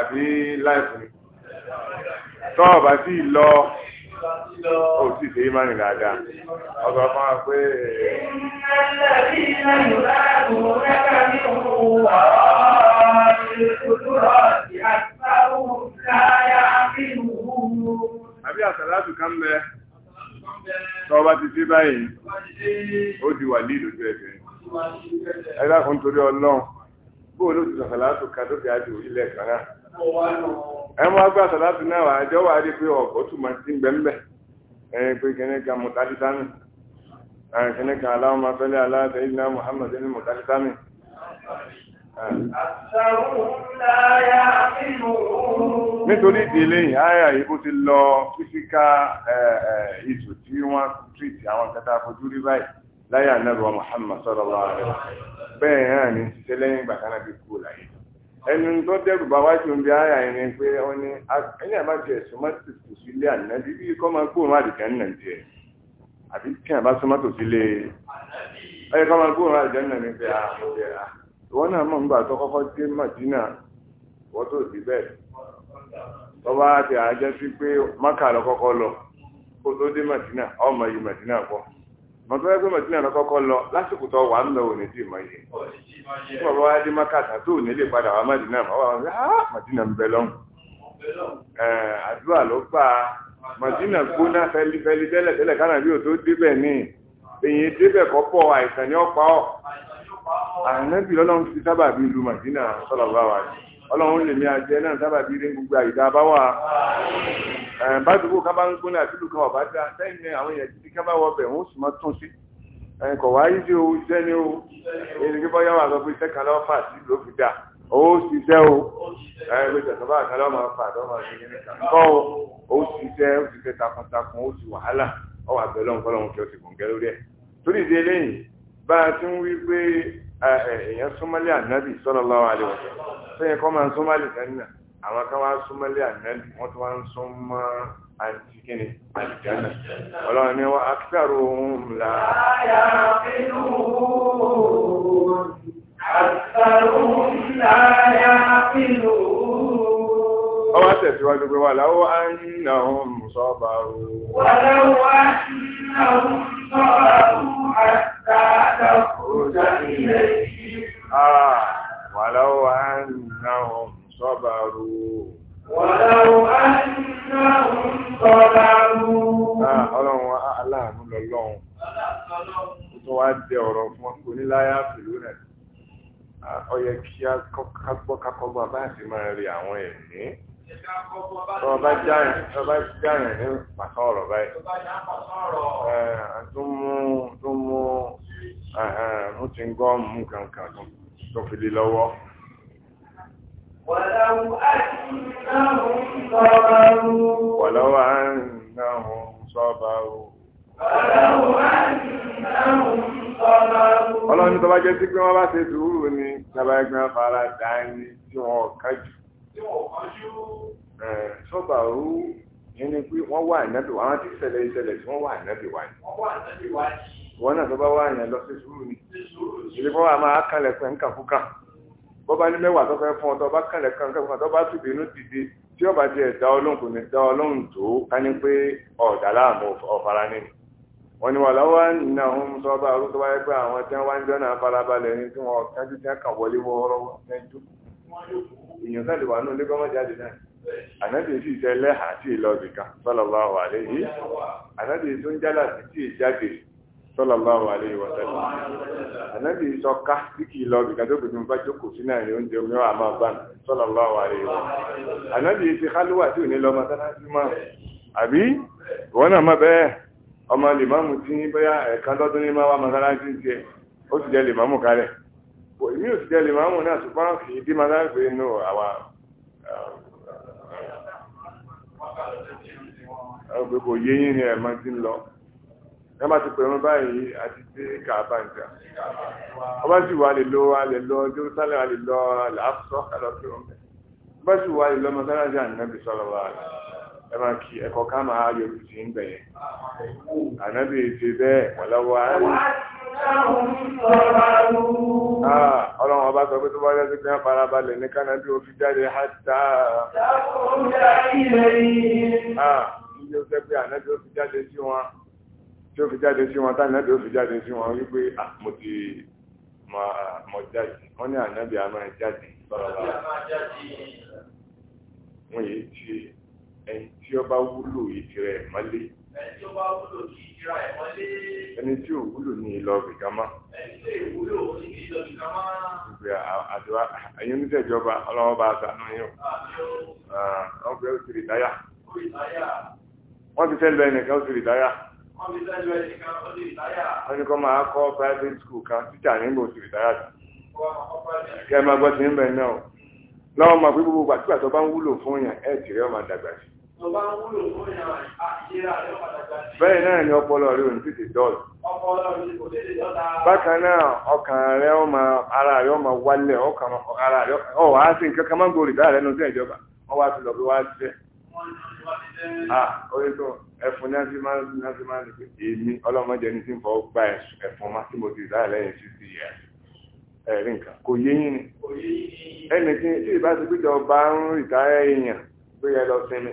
[SPEAKER 1] àbí láìpù ni.
[SPEAKER 2] ọba sí lọ ó sì ṣe é má rìn dáadáa
[SPEAKER 1] ọgbà fún wa pé. àbí àsàlátù kan bẹ ti ṣe báyìí ó di wà ní torí ọlọ́run bóòlù ti tó fi àjò ilẹ̀ kan náà. ẹ wá gbà sàlátì náà wà ẹjọ́ wà rí pé ọ̀pọ̀ túmọ̀ sí gbẹ̀mbẹ̀ ẹ̀yìn pé kìnìkà mùtálítàmì kìnìkà aláwọ̀má fẹ́lẹ́ aláàtẹ̀ ìdínà Muhammad ní mùtálítàmì.
[SPEAKER 3] nítorí ìdílé yìí
[SPEAKER 1] àyà yìí bó ti lọ fífíkà ìtò tí wọ́n tírìtì àwọn kẹta fojú rí báyìí láyà náà bí ẹnu tó dẹ́rù bá wájú ń bí ara ẹ̀ pé wọ́n ní ẹni àbá tiẹ̀ sọmọ́tò tó sí ilé ànábì bí kọ́ máa gbóòórùn àdìgán náà tiẹ̀ àbí kí àbá sọmọ́tò sí ilé ẹ̀yẹ kọ́ máa gbóòórùn àdìgán náà ní pé àwọn wọ́n náà mọ̀ nígbà tó kọ́kọ́ dé wọ́n tó di bẹ́ẹ̀ ti àjẹsí pé Mákà lọ kọ́kọ́ lọ kó tó dé ọmọ yìí wọn tó ẹgbẹ́ mọ̀tí náà kọ́kọ́ lọ lásìkò tó wà ń lọ òní tí ìmọ̀ yìí tí bàbá wa dé mákàtà tó ní lè padà wá mọ̀dínà mọ̀ wá wọn fi há ah, mọ̀dínà ń bẹ lọ́hùn àdúrà ló gbà mọ̀dínà gbóná fẹlifẹli tẹ́lẹ̀ tẹ́lẹ̀ kánà bí o tó débẹ̀ ní èyí débẹ̀ kọ́ pọ̀ àìsàn ni ọ̀pá ọ̀ ànábì lọ́lọ́run ti sábà bí ìlú mọ̀dínà sọ́lọ́ bá wa sí ọlọ́run lè mi àjẹ náà sábà bí rí gbogbo àyíká bá wà. bádùúgbò ká bá ń gbóná àtúlù kan ọ̀bá dá sẹ́yìn àwọn èèyàn títí ká bá wọ bẹ̀ wọ́n sì máa tún sí. kọ̀ wá yí sí o iṣẹ́ ni o èyí kí bọ́yá wà sọ pé iṣẹ́ kan lọ́wọ́ fà sí ló fi dà ó ṣiṣẹ́ o ẹgbẹ́ ìjọba kan lọ́wọ́ máa fà lọ́wọ́ máa ṣe kíní kan kọ́ o ṣiṣẹ́ o ṣiṣẹ́ takuntakun o ṣì wàhálà ọ wà bẹ̀ lọ́nkọ́ lọ́wọ́ o èèyàn súnmọ́lé ànábì sallallahu alaihi wasallam sẹ́yìn kọ́ máa ń súnmọ́lé ànábì àwọn kan súnmọ́lé ànábì wọ́n tún wá súnmọ́ àti kíni ọlọ́run ni wọ́n akẹ́rù ohun là. láyà nínú
[SPEAKER 2] àtàrùn láyà nínú ọwọ́
[SPEAKER 1] tẹ̀síwájú pé wà láwọ́ á ń nà ọ̀hún sọ́ọ̀bà o. wà
[SPEAKER 2] láwọ́ á ń nà ọ̀hún sọ́ọ̀bà o àtàtà òjà
[SPEAKER 3] ilé yìí.
[SPEAKER 1] wà láwọ́ á ń nà ọ̀hún sọ́ọ̀bà wà láwọ́
[SPEAKER 2] á ń ọlọ́run aláàánú lọ́lọ́run tó wá dé ọ̀rọ̀ fún oníláyà
[SPEAKER 1] pẹ̀lú rẹ̀ ó yẹ kí a gbọ́ kakọ́gbọ́ abáàsì máa rí àwọn ẹ̀mí
[SPEAKER 2] Ọba jáyàn ní
[SPEAKER 1] pàtó ọ̀rọ̀ báyìí.
[SPEAKER 2] Tó mú tó
[SPEAKER 1] mú mú ti ń gọ́ mú kankan tó fi lé lọ́wọ́.
[SPEAKER 2] Wọ̀lọ́wọ́
[SPEAKER 1] á ń náà sọ́ba o.
[SPEAKER 3] Ọlọ́run tó bá jẹ́ sí pé wọ́n bá
[SPEAKER 1] ṣe sùúrù ni, tábà ẹgbẹ́ fara dá ní tí wọ́n kájú sọ́bà rú yẹn ni pé wọ́n wà ànábì wa àwọn tí ṣẹlẹ̀ ìṣẹlẹ̀ tí wọ́n wà ànábì wa ni. wọ́n náà tó bá wà yẹn lọ sí sùúrù ni. ìdí fún wa máa kànlẹ̀ pẹ̀ ń kàfúkà. bọ́ bá ní mẹ́wàá tó fẹ́ fún ọ tó bá kànlẹ̀ pẹ̀ ń kàfúkà tó bá tùbí inú dìde tí ọba tiẹ̀ dá ọlọ́run kò ní dá ọlọ́run tó ká ní pé ọ̀dà láàmú ọ̀fara èèyàn náà lè wà ní ilé gọ́mọ̀ jáde náà ànábì èsì ìṣẹ́ lẹ́hà tí ì lọ bìkan sallallahu alayhi ànábì èsì ń jálà sí tí ì jáde sallallahu alayhi wa sallam ànábì èsì ọká tí kì í lọ bìkan tó gbèdúmọ̀ bá jókòó sí náà ní oúnjẹ omi wà máa bá sallallahu alayhi wa sallam ànábì èsì kálúwà tí ò ní lọ mọ́tálásí àbí ìwọ náà má bẹ́ẹ̀ ọmọ èmi ò sì jẹ́ lè máa mú náà ṣùgbọ́n kì í bí máa láì pé inú àwa ọgbẹ́ kò yé yín ni ẹ̀mọ́ ti ń lọ ẹ bá ti pẹ̀rún báyìí àti tí kàábà ń jà ọba sì wà lè lọ alẹ́ lọ Jerusalem alẹ́ lọ làásọ̀ kálọ̀ tó ń bẹ̀ ọba sì wà lè lọ mọ́sálásí ànábì sọ̀rọ̀ wa rẹ̀ ẹ máa kí ẹ̀kọ́ ká máa yọrù sí ń bẹ̀yẹ. Ànábì ṣe bẹ́ẹ̀ pọ̀lọ́wọ́ àárín. Ah, Ọlọ́run ọba sọ pé tó bá rẹ́ sí pé wọ́n fara balẹ̀ ní Kánábí ó fi jáde hátà. Ilé ah, ó sẹ́pẹ́ ànábì ó fi jáde sí wọn. Tí ó fi jáde sí wọn, tánábì ó fi jáde sí wọn wípé ah, mo ti mọ̀ jáde. Wọ́n ní ànábì a máa jáde. Wọ́n yìí ti ẹni tí ó bá wúlò ìtìrẹ ẹ̀ mọ́lé.
[SPEAKER 2] ẹni tí ó bá wúlò kí ìtìrẹ ẹ̀ mọ́lé. ẹni tí ò wúlò ní ìlọ bìkámá. ẹni tí ò wúlò ní ìlọ bìkámá.
[SPEAKER 1] ìgbé àdúrà ẹ̀yin oníṣẹ́jọba ọlọ́wọ́ bá aṣàánú yín o. wọ́n fi ọ́sìrì dáyà. wọ́n ti sẹ́lẹ̀ ẹnìkan ọ́sìrì dáyà.
[SPEAKER 2] wọ́n ti sẹ́lẹ̀ ẹnìkan ọ́sìrì dáyà. wọ́n ní kọ́ máa kọ́ private
[SPEAKER 1] school kan títà nígbà ọ́sìrì dáyà.
[SPEAKER 2] kẹ́ ẹ máa gbọ́ sí ń bẹ̀
[SPEAKER 1] náà lọ́wọ́ máa fi gbogbo àtúgbà tó bá ń wúlò fún yàn ẹ̀ tìrẹ́ ọmọ dàgbà sí bẹ́ẹ̀ náà ni ọpọlọ rẹ ò ní tètè dọ́ọ̀lù.
[SPEAKER 2] bákan náà ọkàn rẹ ó
[SPEAKER 1] máa ara rẹ ó máa wálẹ̀ ọkàn ara rẹ ó wá sí nǹkan kan máa ń gòrì dáa rẹ nínú sí ìjọba wọ́n wá sí lọ bí wá jẹ́. oye tó ẹfun náà sí máa ń sí máa ń pè èmi ọlọ́mọdé ní tí ń gba ẹfun máa tí mo ti dáa lẹ́yìn sixty years ẹ̀rí nǹkan kò yé yín ni ẹnì kí tí ìjọba ń rìtáyà èèyàn tó yẹ lọ sinmi.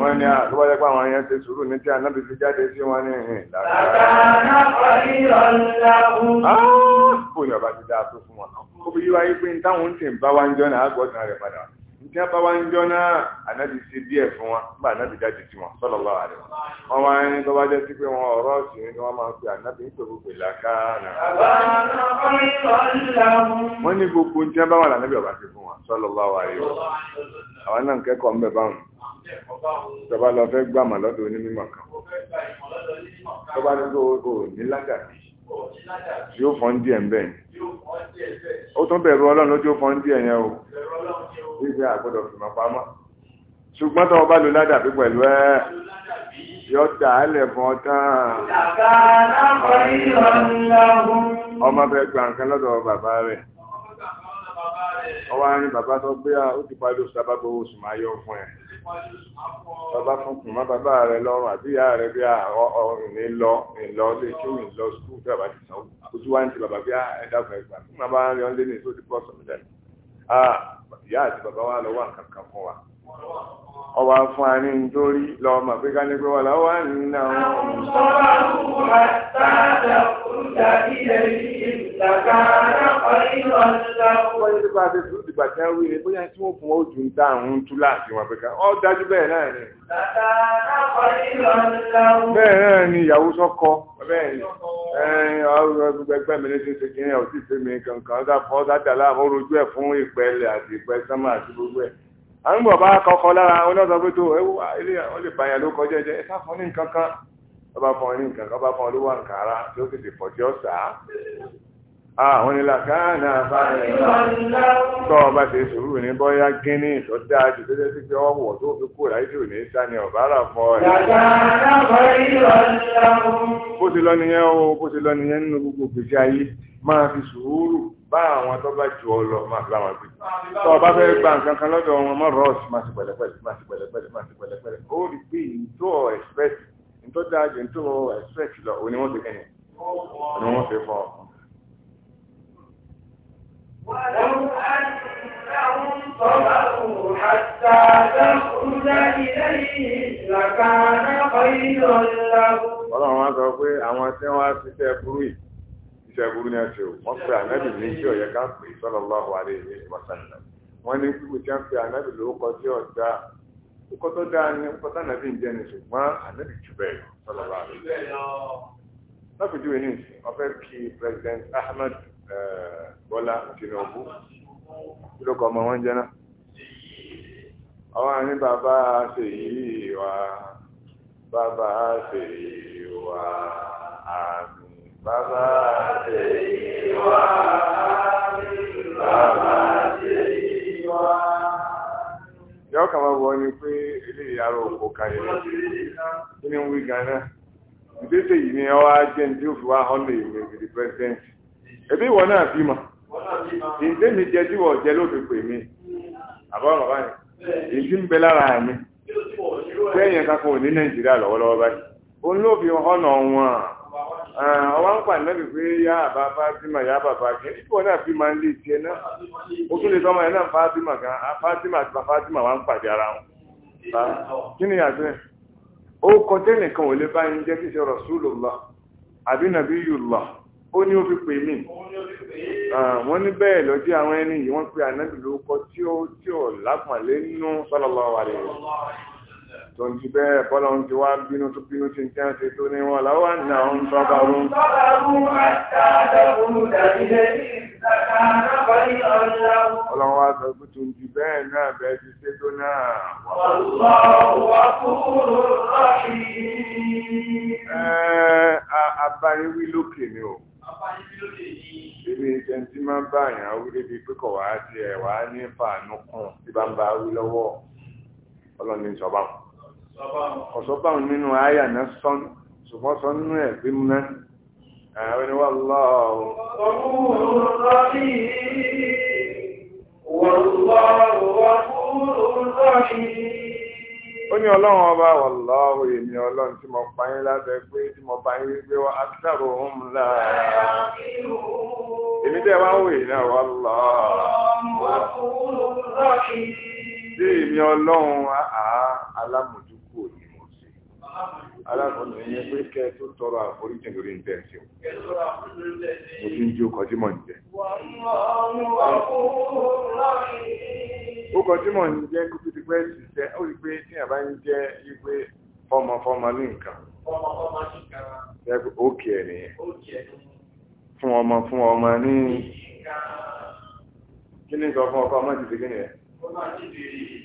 [SPEAKER 2] Wọ́n ní àtúwọ́
[SPEAKER 1] yẹ pé àwọn ẹyẹ ti sùúrù ní tí ànábì fi jáde sí wọn ní ìhìn lára. Kò ní ọba ti dáa tó fún wọn. Kó fi yíwáyé pé táwọn ń tì ń bá wá tí wọ́n bá wá ń jọ náà ànábì ṣe díẹ̀ fún wọn nígbà ànábì jáde tí wọn sọ́lọ̀ lọ́wọ́ àrẹ wọn wá ń tó bá jẹ́ sí pé wọn ọ̀rọ̀ ọ̀sìn ni wọ́n máa ń pe ànábì nípe gbogbo ìlàkánà. wọ́n ní gbogbo tí wọ́n bá wà lànàbì ọ̀bá ṣe fún wọn sọ́lọ̀ lọ́wọ́ àrẹ wọn àwọn náà ń kẹ́kọ̀ọ́ mbẹ́ báwọn
[SPEAKER 2] tọ́ba lọ fẹ́ gbàmọ̀
[SPEAKER 1] lọ́dọ̀ onímọ̀ kan
[SPEAKER 2] tọ́ba ní yóò fọ́n díẹ̀ ń bẹ̀
[SPEAKER 1] ó tún bẹ̀rù ọlọ́run lójú fọ́n díẹ̀ yẹn o ìgbé àgbọ̀dọ̀ fìmọ̀ pamọ́ ṣùgbọ́n tó o bá lo ládàbí pẹ̀lú ẹ yọ dà á lẹ̀ fún ọ tán. ọmọ fẹ́ gba nǹkan lọ́dọ̀ bàbá rẹ̀ ọwọ́ á ní bàbá tó gbé ó ti parí oṣù tábàgbọ́ oṣù máa yọ fún ẹ bàbá fún kùn má bàbá rẹ lọ́rùn àbí ìyá rẹ bí ọrùn ní lọ ní lọ lè kí òun lọ sùkúù bí bàbá ti sàn ó ojú wa ń ti bàbá bí ẹ̀dàgbọ̀n ẹgbà fún bàbá rẹ ọ̀lẹ́ ní ìṣòdì pọ̀ sọ̀rọ̀ dẹ̀ ìyá àti bàbá wa lọ wà kankan fún wa ọba fún a ní nítorí lọ mọ̀ pé ká ní pé wọ́n láwọ́ nínú àwọn
[SPEAKER 2] Bẹ́ẹ̀ náà ni ìyàwó
[SPEAKER 1] sọ́kọ, bẹ́ẹ̀ ni, ẹ̀yìn ọ̀rọ̀ gbẹgbẹ́ mi ní ṣe ṣe kí ní ọ̀tí ìfẹ́ mi kankan, ọ́dá fọ́ ọ́dá dà láàmú orójú ẹ̀ fún ìpẹ́lẹ̀ àti ìpẹ́ sánmà àti gbogbo ẹ̀ à ń bọ̀ bá kọ́kọ́ lára àwọn náà sọ pé tó ẹwú ilé wọn lè bàyàn ló kọjá ẹjẹ ẹ sáfọn ní nǹkan kan ọba fún ọ ní nǹkan kan ọba fún ọ ló wà nǹkan ara tí ó pọ̀ tí ó sà á. àwọn ilé àkáàna àbáyé tó ọba ti sùúrù ní bọ́yá gíní tó dáa jù tó jẹ́ pé ọwọ́ tó fi kó láì tí ní sani ọ̀bá rà fún ọ. bó ti lọ nìyẹn o bó ti lọ nìyẹn nínú gbogbo bá àwọn tó bá jù ọ lọ máa bá wọn gbé tó o bá fẹ́ gba nǹkan kan lọ́dọ̀ wọn mọ́ rọ́ọ̀sì máa sì pẹ̀lẹ́pẹ̀lẹ́ máa sì pẹ̀lẹ́pẹ̀lẹ́ máa sì pẹ̀lẹ́pẹ̀lẹ́ ó rí pé ìtò expect ìtò dájú ìtò expect lọ òní wọ́n ti kẹ́yìn ni wọ́n fi fọ́ ọ. Ọlọ́run wá sọ pé àwọn tí wọ́n á fi tẹ́ burú yìí. iṣẹ́ burú ní ẹ̀ṣẹ̀ o wọ́n pe ànábì ní tí ọ̀yẹ́ ká pè sallallahu alaihi wasallam wọ́n ní tí wọ́n ànábì dá tó dáa ní orúkọ ànábì ń jẹ́ ṣùgbọ́n ànábì jù bẹ́ẹ̀ lọ sallallahu ní ìsìn ọ̀fẹ́ kí president Ahmed Bọ́lá Tinubu ọmọ wọn bàbá wa bàbá àtẹ̀yìn wá bàbá àtẹ̀yìn wá. yọ kàmá wọ ni pé eléyìí arọ òkò kàyẹ kí ni ń wí ganan ìgbésẹ̀ yìí ni ọwọ́ ajé ní ó fi wá họ́ndé ìwé ìgbèdè pẹ́sidẹ́ntì ebi ìwọ náà bímọ ìdémi jẹ tí wọ́n jẹ ló fi pè mí àbá bàbá yẹn ìdí ń bẹ lára mi sẹ́yìn kankan ò ní nàìjíríà lọ́wọ́lọ́wọ́ báyìí òun ló fi họ́nà wọn. ọwọ́ ń pa ìnáwó pé yá bàbá bímọ yá bàbá kí ipò náà bímọ ń lè tiẹ̀ náà ó tún lè tọ́ ọmọ yẹn náà fátímà kan àti ń pàdé ara wọn. kí ni yàtọ̀ ó kọ tẹ́nìkan ò lè bá yín jẹ́ kí ṣe àbí ó ní ó fi pè mí wọ́n ní bẹ́ẹ̀ lọ́jí àwọn ẹni yìí wọ́n pe kọ tí ó lápàlẹ́ nínú tó ń ti bẹ́ẹ̀ bọ́lá ń ti wá bínú tó bínú tí ń tẹ́ ṣe tó ní wọn láwọ́ àná ń tọ́ba rún. ọlọ́run wá sọ pé tó ń ti bẹ́ẹ̀ náà bẹ́ẹ̀ ti ṣe tó náà. abáyéwí lókè ni o. Èmi ìjẹntì máa ń bá àyàn awúlé bíi pé kọ̀ wá tiẹ̀ wá ní fàánú kan tí bá ń bá awí lọ́wọ́. Ọlọ́run ní ìjọba kù ọ̀sọ́báhùn nínú àyà náà sọ́n ṣùgbọ́n sọ nínú ẹ̀ bí mú náà àwọn ẹni wà lọ́ọ̀ọ́ ó ní ọlọ́run ọba wà lọ́wọ́ èmi ọlọ́run tí mo pa yín lábẹ́ pé tí mo pa wípé wá akítàrò òun múlá èmi tẹ́ wá wòye náà wà lọ́wọ́ alákọ̀ọ́nù yẹ pé kẹ́ tó tọrọ àforíjì lórí ìtẹ́ẹ̀sì mo
[SPEAKER 2] fi ń jí ó kọjú mọ̀ ó kọjú mọ̀
[SPEAKER 1] níjẹ́ ti pẹ́ ṣiṣẹ́ ó rí pé tí àbá jẹ́ wípé fọmọ fọmọ ní nǹkan ókè ẹ̀ nìyẹn fún ọmọ fún ọmọ ní kí ní sọ fún ọkọ ọmọ ti kí ni ẹ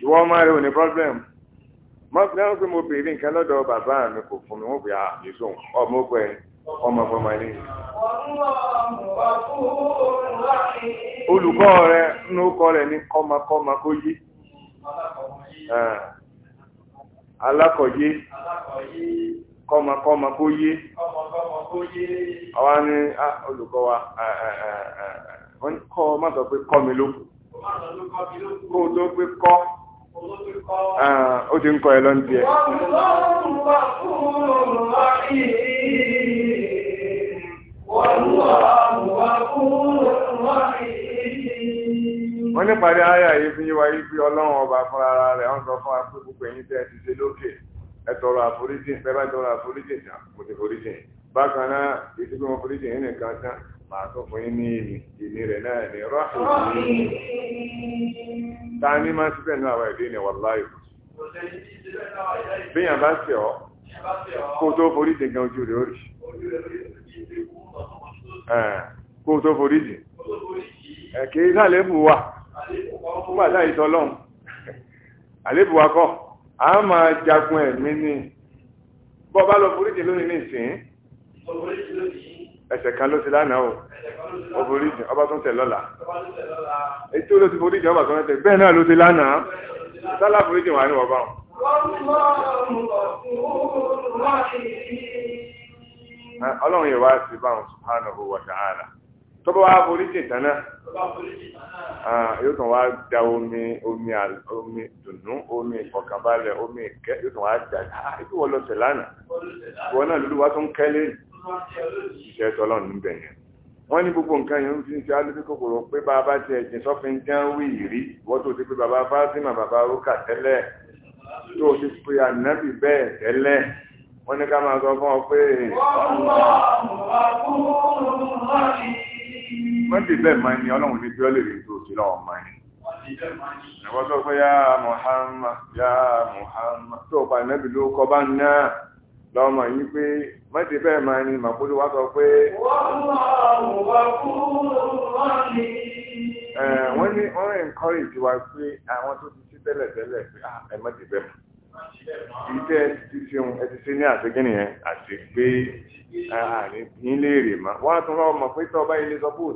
[SPEAKER 1] ìwọ ọmọ rẹ ò ní pọ́blẹ́mù wọ́n fi hàn nǹkan lọ́dọ̀ bàbá mi kò fún mi wọ́n fi ọmọ ọgbẹ́ ọmọ ọmọ ẹni.
[SPEAKER 2] olùkọ́ rẹ
[SPEAKER 1] nínú kọ́ rẹ ní kọ́makọ́ma kó yé alákọ̀yé kọ́makọ́ma ọ má sọ pé kọ́ mi lókun o tó pé Ah, ó ti ń kọ ẹ lọ́n tiẹ̀. wọ́n ní parí àyà yìí fi wá yí pé ọlọ́run ọba fúnra rẹ̀ ń sọ fún wa pé gbogbo ẹ̀yin tẹ́ ẹ ti ṣe lókè ẹ tọrọ àforíjì bá tọrọ àforíjì tán kò sì foríjì bákan náà ìdígbò wọn foríjì yìí nìkan tán màá tó fún yín ní ìní rẹ̀ náà ní rọ́ọ̀sì ta ní máa ti bẹ́ẹ̀ náà àwọn ìdí ni wàláì
[SPEAKER 2] bíyàn bá ṣe ọ́ kó tó forí dì
[SPEAKER 1] gan ojú rẹ̀ orí kó tó forí dì ẹ̀kẹ́ ìsàlẹ̀bù wa fún àtà ìtọ́lọ́hun àlébù wa kọ́ a máa jagun ẹ̀mí ní bọ́ bá lọ forí dì lónìí nìsín ẹsẹ̀ kan ló ti lánàá o o ọboríjì ọba tó ń tẹ̀ lọ́la ètò ló ti boríjì ọba tó ń tẹ̀ bẹ́ẹ̀ náà ló ti lánàá sálà boríjì wà ní ọba o. ọlọ́run yìí wá sí báwọn subhanahu wa ta'ala tó bá wá boríjì tánà yóò tàn wá da omi omi omi dùnú omi ìfọ̀kànbalẹ̀ omi ìkẹ́ yóò tàn wá da ìtúwọ́ lọ tẹ̀ lánàá ìwọ náà lóluwà tó ń kẹ́ lẹ́yìn
[SPEAKER 2] iṣẹ́
[SPEAKER 1] tọ́lọ́ ní bẹ̀ yẹn wọ́n ní gbogbo nǹkan yẹn ń fi ṣe alóbi kòkòrò pé bàbá ti ẹ̀jìn sọ́fin jẹ́ ń wí ìrí wọ́n tó ti pé bàbá fásímà bàbá rókà tẹ́lẹ̀ tó ti pé ànábì bẹ́ẹ̀ tẹ́lẹ̀ wọ́n ní ká máa sọ fún ọ pé wọ́n ti bẹ́ẹ̀ máa ní ọlọ́run ní bíọ́lẹ̀ rẹ̀ tó ti lọ́wọ́ máa ní. ẹ̀wọ́n sọ pé yá Muhammad yá Muhammad tó bá ànábì ló kọ́ bá ń ná lọ́mọ yìí pé wọ́n ti bẹ́ẹ̀ máa ní màkúlù wá sọ pé. wọ́n ní wọ́n encourage wa pé àwọn tó ti sí tẹ́lẹ̀ pé ah, ẹ má ti bẹ́ẹ̀ mọ̀. ìtẹ́ ẹ ti ṣeun ẹ ti ṣe ní àṣegínì yẹn àti pé àní kì mọ́. wọ́n á tún mọ̀ pé sọ tún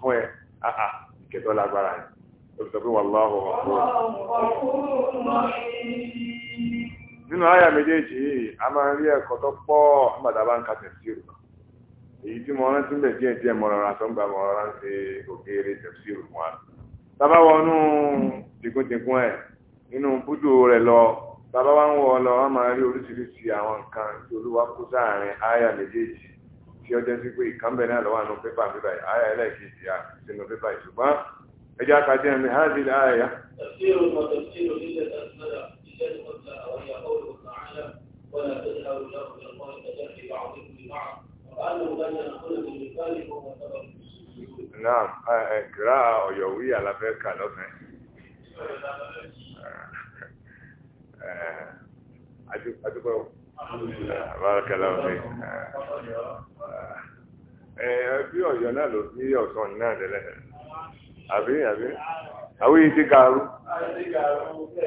[SPEAKER 1] fún ẹ ah, ah, lágbára nínú àyà méjèèjì yìí a máa rí ẹ̀kọ́ tó pọ̀ nígbàdá bá ń ka tẹ̀síìrù èyí tí mo rántí ń bẹ̀ díẹ̀ díẹ̀ mo rọra tó ń gba mo rọra ń ṣe ògèrè tẹ̀síìrù wọn. wọnú nínú búdù lọ tábà wá wọ lọ wọn máa rí oríṣiríṣi àwọn nǹkan tí olúwa àyà méjèèjì tí ọjọ́ sí pé náà lọ́wọ́ àánú pépà pépà yìí àyà ẹlẹ́ẹ̀kejì sínú pépà yìí ṣùgbọ́n ẹjọ́
[SPEAKER 2] ẹ̀mí الرجال والنساء وهي قوله تعالى ولا تجهروا له بالقول كجهر بعضكم لبعض وقالوا لن ينقلب لذلك وسبب
[SPEAKER 1] نعم قراءة أيوية على فكرة لفن أدوكو بارك الله فيك ẹ bí Ọ̀yọ́ náà ló bí Ọ̀ṣun náà lẹlẹ àbí àbí àwọn èyí ti gàrú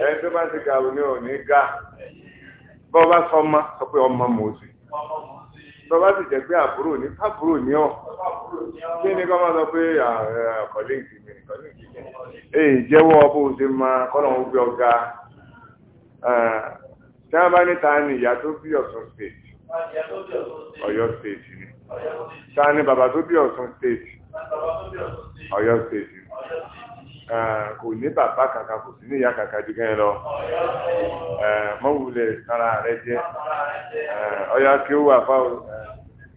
[SPEAKER 1] ẹni tó bá ti gàrú ní òní gá bọ́ bá sọ ọmọ sọ pé ọmọ mòsì tó bá sì jẹ́ pé àbúrò ní àbúrò ní ọ̀ kí ni kọ́ máa sọ pé kọ́líǹkì mi kọ́líǹkì mi èyí jẹ́wọ́ bó ṣe máa kọ́nà ó gbé ọ̀gá tí wọ́n bá níta ni ìyá tó bí Ọ̀ṣun state
[SPEAKER 2] Ọ̀yọ́ state ni
[SPEAKER 1] ta ni bàbá tó bí Ọ̀ṣun state Ọ̀yọ́ state Eh, kò ní bàbá kàkà kò sí ní ìyá kàkà jù kẹ́yìn lọ eh, mọ́wulẹ̀ sára rẹ jẹ́ eh, ọyá kí ó wà fáwọn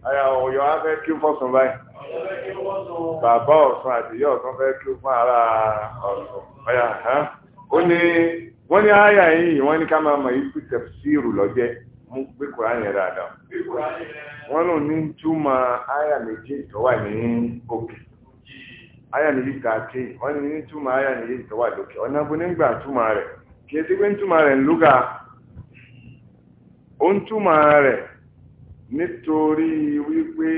[SPEAKER 1] ọyá ọyọ fẹ́ kí ó fọ́sùn báyìí bàbá ọ̀sán àti ìyá ọ̀sán fẹ́ kí ó fún ara ọ̀sán wọ́n àyà yìí wọ́n ní ká máa mọ̀ yìí pìtẹ̀ lọ́jẹ́ mú wọ́n lò ní túmọ̀ àyà méjì tó aya nìyí kàáké wọ́n ní túmọ̀ aya nìyí ìtọ́wà lókè ọ̀nà bó nígbà túmọ̀ rẹ̀ kì í sí pé ń túmọ̀ rẹ̀ ń lúgà ó ń túmọ̀ rẹ̀ nítorí wípé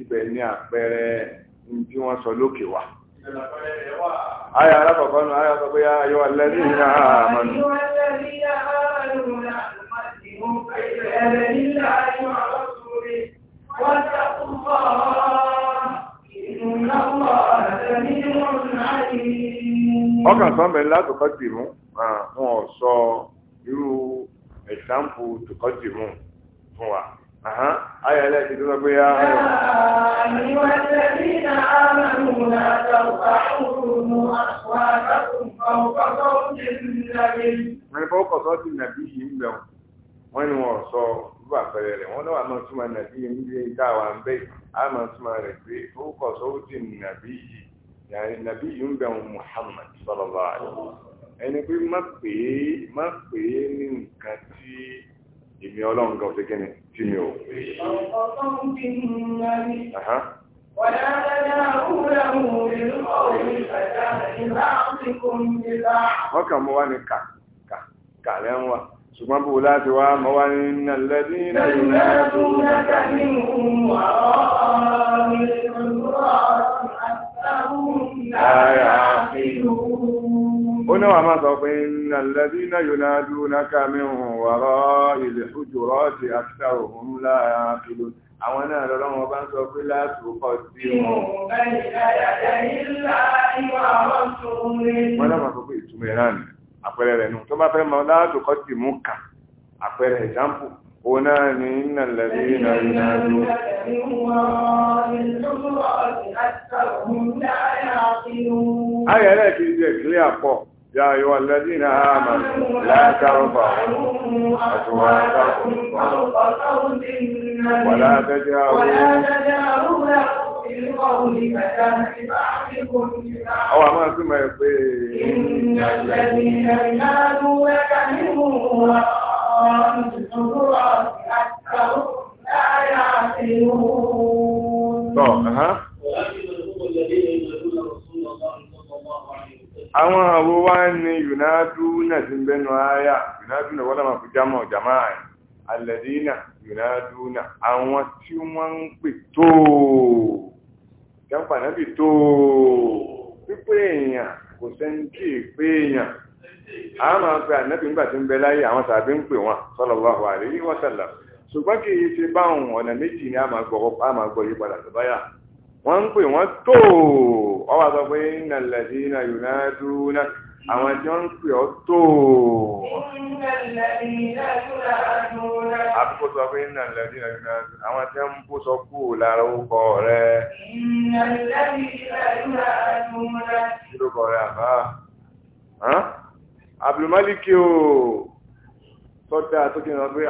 [SPEAKER 1] ibẹ̀ ni àpẹẹrẹ tí wọ́n sọ lókè wà. Aya alákọ̀ọ́kọ́ nù, aya sọ ayọ́ alẹ́rí ní àmànù. Wọ́n ọkàn sọ mẹ́rin láti kọ́ tì mú wọn ò sọ irú ẹ̀sàmpù tó kọ́ tì mú fún wa. Ayọ̀ ẹlẹ́sìn tó sọ pé yá ayọ̀. Àníwá tẹ̀lé náà á máa ń mú láta àkùrùnú àwọn akẹ́kọ̀ọ́
[SPEAKER 2] kọ́kọ́ ó ti ń láyé.
[SPEAKER 1] Wọ́n ní fọ́kọ̀ sọ́ ti nàbí yìí ń bẹ̀rù. Wọ́n ní wọn sọ irú àpẹẹrẹ rẹ̀. Wọ́n náà máa túmọ̀ nàbí yìí ń bí ìta àwọn àbẹ́yì. Á túmọ̀ rẹ̀ pé fọ́kọ̀ sọ́ ti nàbí yìí yàrá nàbí yìí ń bẹ̀ wọn Muhammad sallallahu alaihi wasallam ẹni pé má pè é má pè é ní nǹkan tí èmi ọlọ́run kan ṣe kíni tí mi ò pè é.
[SPEAKER 2] ọ̀pọ̀ tó ń bí nínú rẹ̀. Wàdá dáadáa òwúrọ̀ òwúrọ̀ òwúrọ̀ ìgbàdá ìlà àfikún nílá.
[SPEAKER 1] Wọ́n kàn mọ́ wá ní kà kà kà lẹ́wọ̀n wa ṣùgbọ́n bó láti wá mọ́ wá ní iná lẹ́bí iná ìlú. Bẹ́ẹ̀ni ẹ̀dùn náà kà ní ìhùn àwọn ó ní wàá máa sọ pé nàlẹ́bí náà yóò náà dúró náà kàmí wọ̀rọ̀ ilẹ̀ ojú rọ́ọ̀tì àti àwọn òun láàá àwọn náà lọ́lọ́wọ́ bá ń sọ pé láti sí wọn. wọ́n náà máa sọ pé ìtumọ̀ ẹ̀rá ni tó bá fẹ́ mọ láti ọkọ̀ sí mú kà ọ̀nà ni iná lẹ́bí iná iná ló. Ayẹ̀lẹ́ kì í jẹ́ ìdílé àpọ̀. يا أيها الذين آمنوا لا ترفعوا أصواتكم فوق صوت
[SPEAKER 2] ولا تجهروا أو ما
[SPEAKER 1] ثم يقول إن الذين
[SPEAKER 2] ينادونك من وراء Àwọn àwọ wá
[SPEAKER 1] ní Yunadúnà ti ń bẹnu ayá, Yunadúnà wọ́n lámà fún jámọ̀ jàmáà ẹ̀, Alẹ́dínà, Yunadúnà, àwọn tí wọ́n ń pè tóò, jẹ́ pàdánbì tóò, pípé èèyàn kò sẹ́ńtì pé èèyàn a máa pe ànábì ńgbà tí ń bẹ láyé àwọn tàbí ń pè wọn sallallahu alaihi wa sallam ṣùgbọ́n kì í ṣe báwọn ọ̀nà méjì ni a máa gbọ́ yí padà tó báyà wọ́n ń pè wọ́n tó ọwọ́ sọ pé innal ladina yunaduna àwọn tí wọ́n ń pè ọ́ tó
[SPEAKER 2] innal ladina yunaduna àbúkọ
[SPEAKER 1] sọ pé innal ladina yunaduna àwọn tí wọ́n ń bó sọ kú lára orúkọ rẹ
[SPEAKER 2] innal ladina yunaduna
[SPEAKER 1] kí ló abdulmaliki o sọ́dá tó kí n sọ pé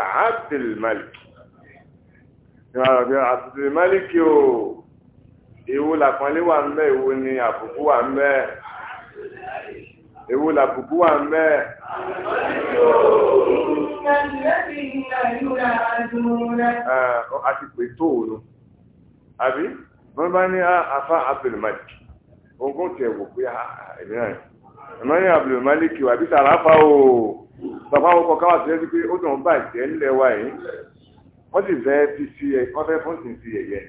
[SPEAKER 1] abdulmaliki ní wọ́n rọ̀ pé abdulmaliki o èwo làpọ́nlé wà ń bẹ èwo ni àbùkù wà ń bẹ èwo làbùkù wà ń bẹ. a ti pè tó o nù àbí wọ́n bá ní afa abdulmaliki ogun tiẹ̀ pé èmi ìmọ̀lẹ́ Abdul Malik wà bí sàràfà o bàbá wọn kọ káwà sí ẹbí pé ó dùn bàjẹ́ ńlẹ̀ wa yìí wọ́n sì fẹ́ fi sí ẹ wọ́n fẹ́ fún sí sí ẹ̀yẹ.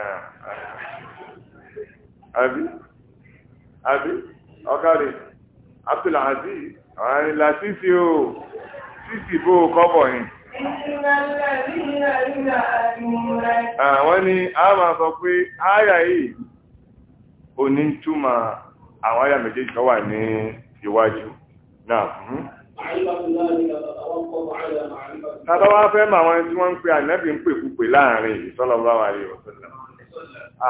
[SPEAKER 1] Ah, ah. àbí àbí ọ̀kadì Abdul Aziz àwọn arìnrìnlá sísì o sísì bó o kọ́ bọ̀ yìí. àwọn ah, ni a máa sọ pé áyà yìí ò ní túmọ̀ àwọn àyà méjèèjì kan wà ní iwájú náà tàbá wá fẹ́ mọ àwọn tí wọ́n ń pe ànábì ń pè púpè láàrin sallallahu alaihi wasallam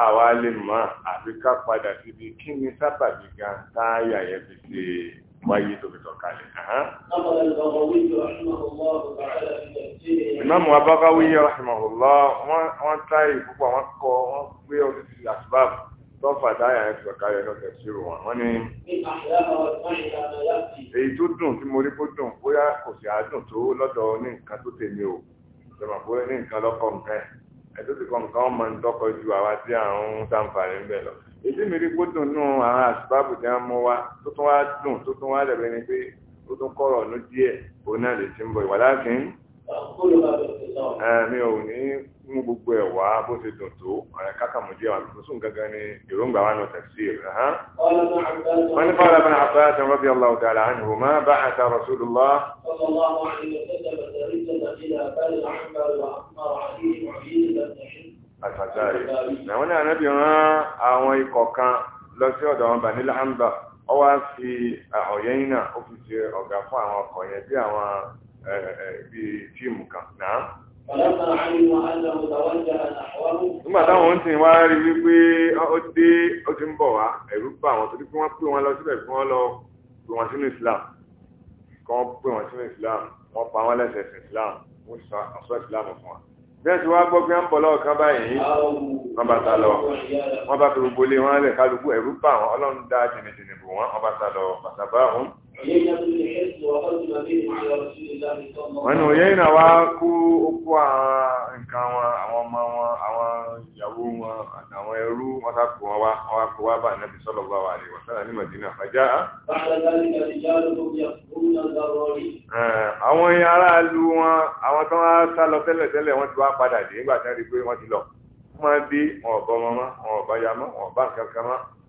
[SPEAKER 1] àwa lè mọ̀ àfi ká padà síbi kí ni sábàbí gan táyà yẹn fi ṣe wáyé tó fi tọ̀kalẹ̀.
[SPEAKER 2] ìmáàmù Abagawi rahimahullah
[SPEAKER 1] wọ́n táyì púpọ̀ wọ́n kọ́ wọ́n gbé ọdún sí àsùbáàbù tọ́fà táyà ẹ̀ sọ̀ka rẹ̀ lọ́sẹ̀ sí rò wọ́n wọ́n ní. èyí tó dùn tí mo rí kó dùn bóyá kò sí àádùn tó lọ́dọ̀ ní nǹkan tó tèmi o ìjọba bóyá ní nǹkan lọ́kọ̀ nǹkan ẹ̀ tó ti kọ́ nǹkan ọmọ ní tọkọ ju àwa tí àrùn sáǹfààní ń bẹ̀ lọ. èyí mi rí kó dùn nù àwọn àṣìbáàbù tí wọ́n mú wa tó tún wá dùn tó tún wá dẹ̀bẹ̀ ni pé ó tún kọ̀rọ̀ ọ̀nù díẹ̀ òun náà lè ti ń bọ̀ ìwà mú gbogbo ẹ̀ wá bó ṣe dùn tó ọ̀rẹ́ kákàmùjẹ́ àwọn àlùfóṣùn gangan ní èròǹgbà wa nù tafsir. wọ́n ní fọ́nrán bá àbá ṣe rọ́bì ọlọ́wọ́ dára àni wò má bá àṣà rasulùlá. àṣàṣàrè àwọn náà nàbí rán àwọn ikọ̀ kan lọ sí ọ̀dọ̀ àwọn Banil Hanba ó wá fi ọ̀yẹ́yìn náà ó fi ṣe ọ̀gá fún àwọn ọkọ̀ yẹn bí àwọn bíi tíìmù kan náà nígbà táwọn ń tì wá rí wípé ó dé ó ti ń bọ̀ wá ẹ̀rú bá àwọn torí pé wọ́n pè wọ́n lọ síbẹ̀ fún wọn lọ pè wọ́n sínú Islam kí wọ́n pè wọ́n sínú Islam wọ́n pa wọ́n lẹ́sẹ̀ sí Islam wọ́n sọ ọ̀sọ́ Islam fún wa. bẹ́ẹ̀ tí wọ́n gbọ́ pé ń bọ̀ lọ́ọ̀kan báyìí wọ́n bá ta lọ wọ́n bá fi gbogbo lé wọn lẹ̀ kálukú ẹ̀rú bá àwọn ọlọ́run dá jìnnìjìnnì bò wọ́n wọ́n bá ta lọ bàtà bá wọn
[SPEAKER 2] wọ́n ní òye ìnà wá
[SPEAKER 1] kú okú àwọn nǹkan wọn àwọn ọmọ wọn àwọn ìyàwó wọn àtàwọn ẹrú wọn sá kó wọn wá wọn wá kó wá bá nàbì sọlọ bá wà lè wọn sára ní Madina fàjá. àwọn aráàlú wọn àwọn tó wá sá lọ tẹ́lẹ̀tẹ́lẹ̀ wọ́n ti wá padà dé nígbà tí wọ́n rí i pé wọ́n ti lọ. wọ́n máa bí wọn ò bọ́ ọmọ wọn ò bá ya wọn ò nǹkan kan mọ́.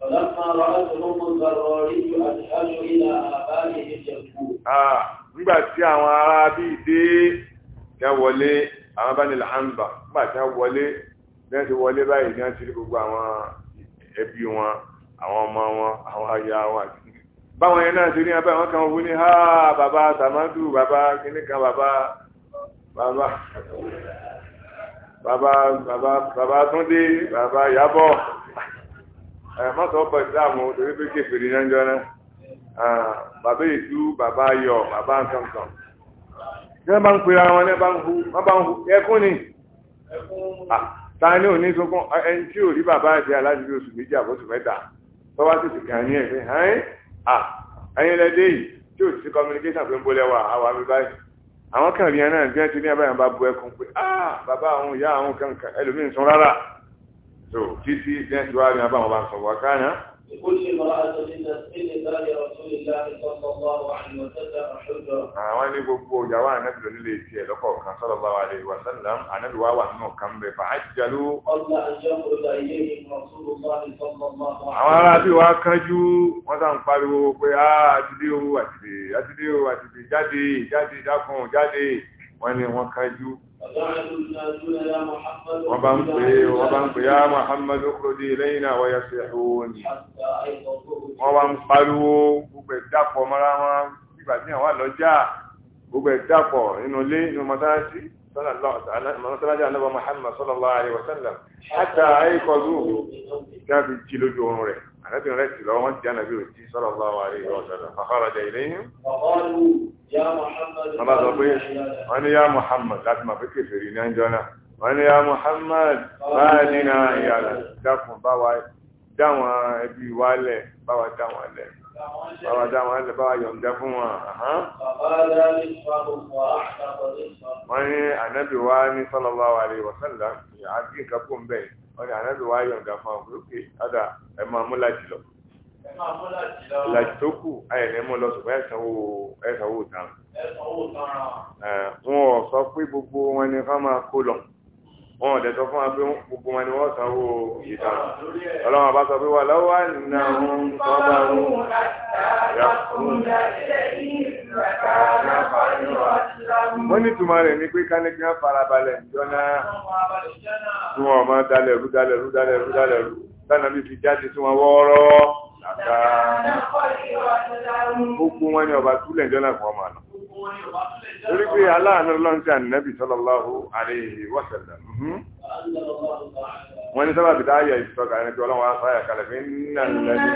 [SPEAKER 2] فلما رأتهم الضراري أذهب إلى آبائه يبكون
[SPEAKER 1] nígbà tí àwọn ará bíi dé tẹ wọlé àwọn bá nílẹ̀ hanba nígbà tí wọ́n wọlé bí wọ́n ti wọlé báyìí ní wọ́n ti rí gbogbo àwọn ẹbí wọn àwọn ọmọ wọn àwọn aya wọn àti báwọn yẹn náà ti rí abẹ́ àwọn kan wú ní ha bàbá sàmádù bàbá kìnnìkan bàbá bàbá bàbá bàbá túndé mọ́tò ọ̀pọ̀ ìsìláàmù torí pé kéferì náà ń jọ náà bàbá ètú bàbá ayọ̀ bàbá nkankan ní wọ́n bá ń pera wọn ní wọ́n bá ń hu ẹkún ni ta ni ò ní sunkún ẹni tí ò rí bàbá àti aláàbí oṣù méjì àbọ̀sù mẹ́ta tọ́wá sì kàn ní ẹ̀fẹ́ ẹ̀yìn lẹ́dẹ́ yìí tí ò sí communication pé ń bólẹ̀ wà àwọn àmì báyìí àwọn kàn rí ẹ náà bí wọ́n ti ní abáyọ̀ bá bu ẹkún pé bàbá àwọn ìyá àwọn kankan ẹlòmíì sún rárá so títí bẹ́ẹ̀ tí wàá rí abáwọn bá ń sọ wọ́n káàná. àwọn ní gbogbo ìyàwó ànábì ló nílé tiẹ̀ lọ́kọ̀ọ̀kan sallallahu alaihi wa sallam ànábì wà wà nínú kan bẹ̀ fa'ajjalu. àwọn ará bí wàá kánjú wọ́n sá ń pariwo pé àtìdé o àtìdé àtìdé o àtìdé jáde jáde dákun jáde wọ́n ní wọ́n kánjú
[SPEAKER 2] wọ́n bá ń pè wọ́n bá ń pè yá
[SPEAKER 1] Muhammadu kúròdì lẹ́yìn àwọn yàtọ̀ ìhòòhò ni wọ́n bá ń pariwo gbogbo ìdápọ̀ mara wọn nígbà tí àwọn àlọ́jà gbogbo ìdápọ̀ nínú ilé nínú mọ́sálásí mọ́sálájà anábọ̀ Muhammad sallallahu alaihi wa sallam hátà ayíkọ̀ọ́dún kí a fi jí lójú oorun rẹ̀ ànábì rẹ̀ sì lọ́wọ́ ti ànábì rẹ̀ tí sọ́rọ̀ bá wà rí ìwọ̀ ọ̀sọ̀rọ̀ fàkọ́rọ̀ jẹ́ ilé yín. wọ́n bá sọ pé wọ́n ní yá Muhammad láti máa fi kéfè rí ní ọjọ́ náà wọ́n ní yá Muhammad máa nínú báwa dá wọn lè báwa yọ̀ǹda fún wọn.
[SPEAKER 2] wọ́n ní ànábì
[SPEAKER 1] wa ní sallallahu alaihi wasallam àti nǹkan kó ń bẹ̀ wọ́n ní ànábì wa yọ̀ǹda fún wọn lókè ọ̀dà ẹ̀ máa mú láti lọ. láti tó kù ayẹ̀ ní mú lọ tán. sọ pé gbogbo wọn ni máa kó lọ. wọn ò dẹ̀ sọ fún wa pé gbogbo wọn ni wọ́n sanwó iye dáhùn ọlọ́run ọba sọ pé wà lọ́wọ́ àná ń tọ́ bá ń yà wọ́n ní tùmọ̀ rẹ̀ ni pé kánẹ́kì náà farabalẹ̀ níjọ́ náà tí wọ́n ọmọ dalẹ̀ rú dalẹ̀ rú dalẹ̀ rú dalẹ̀ rú tánàbí fi jáde tí wọ́n wọ́ ọ́rọ́ gbogbo wọn ni ọba túlẹ̀ jọ́nà fún ọmọ àná
[SPEAKER 2] torí pé aláàánú
[SPEAKER 1] lọ́nṣẹ́ ànínábì sallallahu alaihi wa sallam
[SPEAKER 2] mhm. wọ́n ní sábà bí dáyà
[SPEAKER 1] ìfìtọ́ka ẹni pé ọlọ́wọ́ aṣáyà kalẹ̀ fi ń nà lẹ́yìn.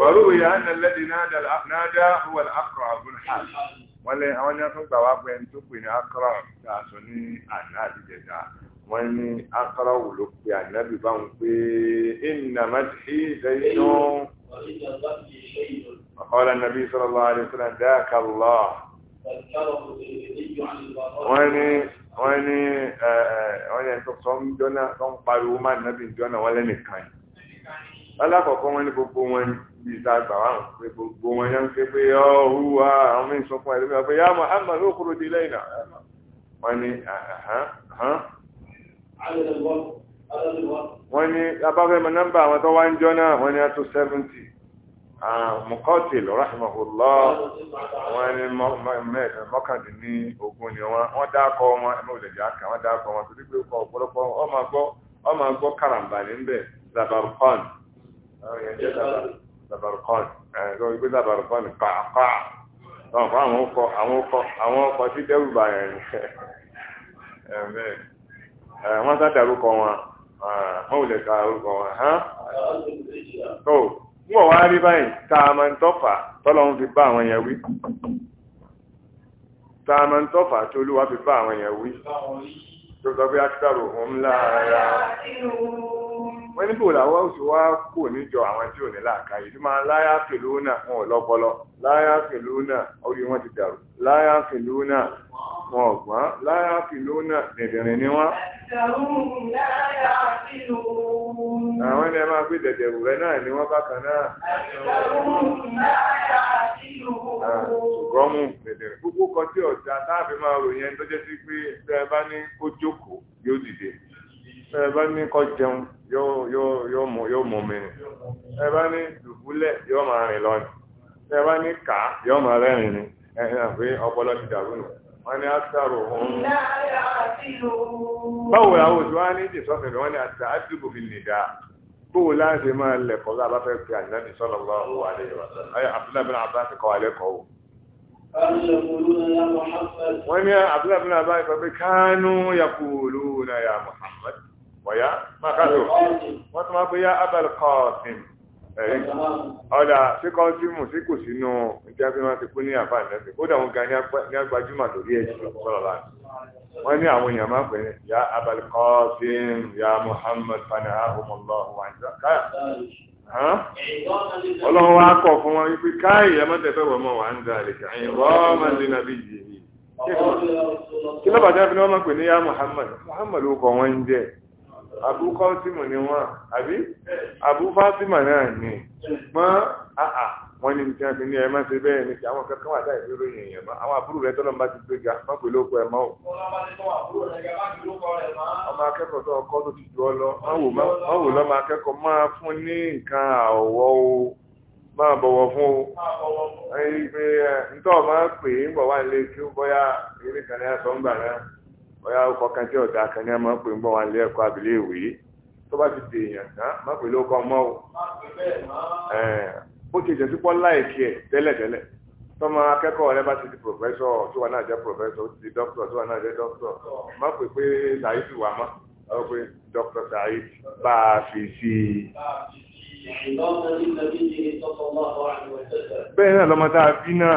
[SPEAKER 2] وروي أن
[SPEAKER 1] الذي نادى نادى هو الأقرع بن حاتم wọ́n lé àwọn ní afúngbà wá pé ẹni tó pè ní akọ́rọ̀ tá a sọ ní àná àdìjẹta wọ́n ní akọ́rọ̀ wò ló pe ànábì báwọn pé ìnà màtí lẹ́yìn náà ọ̀la nàbí sallallahu alaihi wasallam dáàkà lọ.
[SPEAKER 2] wọ́n ní wọ́n ní
[SPEAKER 1] wọ́n yẹn tó sọ ń jọ́nà tó ń pariwo má nàbì jọ́nà wọ́n lẹ́nìkan. alákọ̀ọ́kọ́ wọn ní gbogbo wọn ni. bí ìta gbà wà pé gbogbo wọn yẹn ń ké pé ọ̀hún wa àwọn mí sọ fún ẹlẹ́mìí pé yá Muhammad ó kúrò dé lẹ́yìn náà wọ́n ní wọ́n nọ́mbà àwọn tó wá ń jọ náà 70 mọ̀kọ́tì lọ́rọ̀hìmọ̀hùlọ́ wọ́n ní mọ́kàndínní ogun ni wọ́n wọ́n dákọ̀ wọn ẹ̀mọ́ òlẹ̀dẹ̀ àkà wọ́n dákọ̀ wọn torí pé ó kọ ọ̀pọ̀lọpọ̀ gbọ́ zabarukọ́n ẹ̀rọ ìgbé zabarukọ́n pàápàá náà fún àwọn ọkọ̀ àwọn ọkọ̀ àwọn ọkọ̀ tí dẹ́rù bá yẹn ni ẹ̀mẹ́ wọ́n sá dárúkọ wọn wọ́n ò lè ka orúkọ wọn hàn
[SPEAKER 2] tó ń wọ̀ wá rí
[SPEAKER 1] báyìí tá a máa ń tọ́fà tọ́lọ́run fi bá àwọn yẹn wí tá a máa ń tọ́fà tí olúwa fi bá àwọn yẹn wí tó sọ pé akitaro òun láàárá wọ́n ní bòlá wọ́n sì wá kò níjọ àwọn tí ò ní láàka yìí tó máa láyà fèlú náà wọn ò lọ́pọlọ láyà fèlú náà orí wọn ti dàrú láyà fèlú náà wọn ọ̀gbọ́n láyà fìlú náà dẹ̀dẹ̀rìn ni wọ́n. àwọn ẹni ẹ máa gbé dẹ̀dẹ̀rù rẹ náà ni wọ́n bákan náà.
[SPEAKER 2] ṣùgbọ́n mú
[SPEAKER 1] dẹ̀dẹ̀rìn kan tí ọ̀dà táàbí máa ròyìn ẹni tó jẹ́ sí pé bẹ́ẹ̀ bá ní kó jókòó yóò dìde ẹ bá ní kó jẹun yóò mọ mi ẹ bá ní dùbúlẹ̀ yóò máa rìn lọ ni ẹ bá ní kà yóò máa rẹ́rìn ni ẹ ẹ pé ọpọlọ ti dàrú nù. wọ́n ní àtàrò òun.
[SPEAKER 2] báwo la ojú
[SPEAKER 1] wa ní ìdìsọ́fẹ̀ wọ́n ní àtàdìbò fi lè dáa bóò láti máa lẹ̀kọ́ lábá fẹ́ pe ànábì sallallahu alaihi wa sallam ayé Abdullahi bin Abbas kọ́ alẹ́kọ̀ọ́ o. wọ́n ní Abdullahi bin Abbas sọ pé kánú yaquluna ya Muhammad wọ́yá máa ká lò wọ́n tún máa pé ya Abal Qasim. ọ̀dà síkọ́ sí mù sí sínú ìdí ti kú ní àfáà nẹ́sìn kódà ga ní agbájúmọ̀ lórí ẹ̀sìn sọ̀rọ̀ wọ́n ní àwọn èèyàn máa ya Abal ya Muhammad fana ahumọlọ́hu ọlọ́run wa kọ̀ fún wọn wípé káyì wà ń da àlejò ẹ̀yìn yìí kí
[SPEAKER 2] fi ni wọ́n
[SPEAKER 1] ya Muhammad Muhammad ó wọ́n ń abúkọ́símù ni wọ́n àbí abúfásímù náà ni mọ́ àà wọ́n ní tí wọ́n fi ní ẹ má ṣe bẹ́ẹ̀ ní kí àwọn kankan wà láì dúró yẹn yẹn mọ́ àwọn àbúrò rẹ tọ́lọ́ bá ti gbé ga má pè lóko ẹ̀ mọ́ o. ọmọ akẹ́kọ̀ọ́ tó ọkọ́ tó ti jù ọ lọ má wò lọ́mọ akẹ́kọ̀ọ́ máa fún ní nǹkan àwọ̀ o máa bọ̀wọ̀ fún o. ẹ̀yin pé ntọ́ máa pè é ń bọ̀ wá ilé kí ó bọ́yá eré kan ní bóyá ó kọkàn tí ọ̀dà kan ní ọmọ pé ń bọ̀ wá nílé ẹ̀kọ́ àbílẹ̀ ìwé tó bá ti dè èèyàn tán má pè ló kọ́ ọmọ o bó ti jẹ́ sípọ́ láìkí ẹ̀ tẹ́lẹ̀tẹ́lẹ̀ tọ́mọ akẹ́kọ̀ọ́ rẹ bá ti di pòfẹ́sọ̀ tí wọn náà jẹ́ pòfẹ́sọ̀ ti di dókítọ̀ tí wọn náà jẹ́ dókítọ̀ má pè pé sàyídì wà mọ́ ọ pé dókítọ̀ sàyídì bá a fi sí i. bẹ́ẹ̀ náà lọ́mọ tá a bí náà.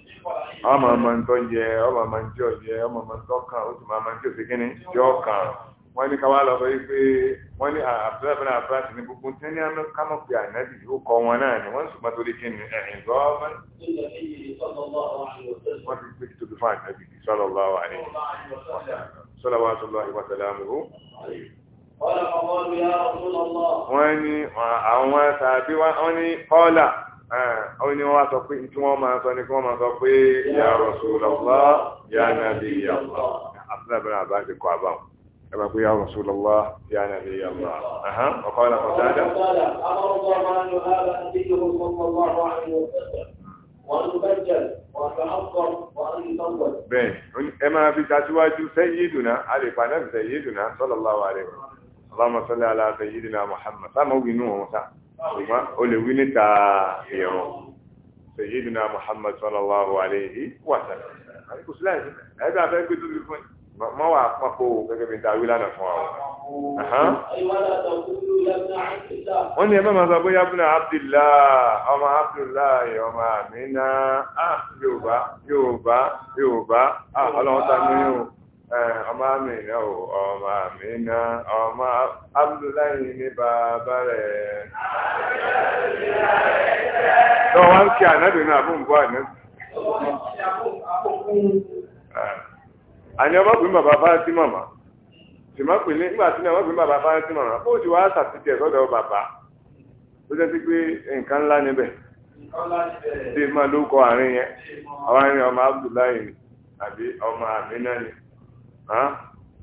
[SPEAKER 1] ọmọ ọmọ ntọ́ yẹ ọmọ ọmọ ntọ́ yẹ ọmọ ọmọ ntọ́ kan ó sì máa ma ntí òsè kínní yọ kan wọ́n ní káwá lọ sọ́yí pé wọ́n ní àbúrò àbúrò àbúrò àti ní gbogbo tí wọ́n ní kámọ̀ pé ànábì yóò kọ́ wọn náà ni wọ́n sùn mọ́tò lékè ní ẹ̀hìn gọ́ọ̀mọ́. wọ́n ti gbé tóbi fún ànábì sọ́lọ́ bá wà ní sọ́lọ́ bá tó lọ ìwà tẹ̀lé àmúrú.
[SPEAKER 2] wọ́n ní àwọn
[SPEAKER 1] tàbí wọ́n ní kọ́là Ah, àwọn ènìyàn wá sọ pé tí wọ́n máa sọ ni kí wọ́n máa sọ pé ya Rasulullah ya Nabiyallah àfúnà bẹ̀rẹ̀ àbá ti kọ àbáwọn ẹgbẹ́ pé ya Rasulullah ya Nabiyallah ọkọ̀ ọ̀nà kọ̀tà dá. bẹ́ẹ̀ ẹ máa fi tàṣíwájú sayyiduna àlèpà náà sayyiduna sallallahu alaihi wa sallam Allahumma salli ala sayyidina Muhammad sáà máa wí inú wọn sáà ṣùgbọ́n o lè wí níta ìrùn Sayyidina Muhammad sallallahu alayhi wa sallam àti kò sí láì sí ẹgbẹ́ abẹ́ gbé tóbi fún yìí mọ́ wà pápó gẹ́gẹ́ bí dáwí lánàá fún wa. wọ́n ní ẹ bá máa Eh, ọmọ mi náà o ọmọ mi ọmọ Abdullahi ní bàbá rẹ̀. lọ wá ń kí ànábì náà fún bọ́ àná. Eh, àní ọmọ pín bàbá fáyé sí màmá tìmọ́ pín ní nígbà tí ọmọ pín bàbá fáyé sí màmá ó ti wá sàtìtì ẹ̀sọ́dọ̀ bàbá ó jẹ́ sí pé nǹkan ńlá níbẹ̀
[SPEAKER 2] ṣé máa ló kọ àárín yẹn
[SPEAKER 1] àwọn àárín ọmọ Abdullahi ni àbí ọmọ àmì náà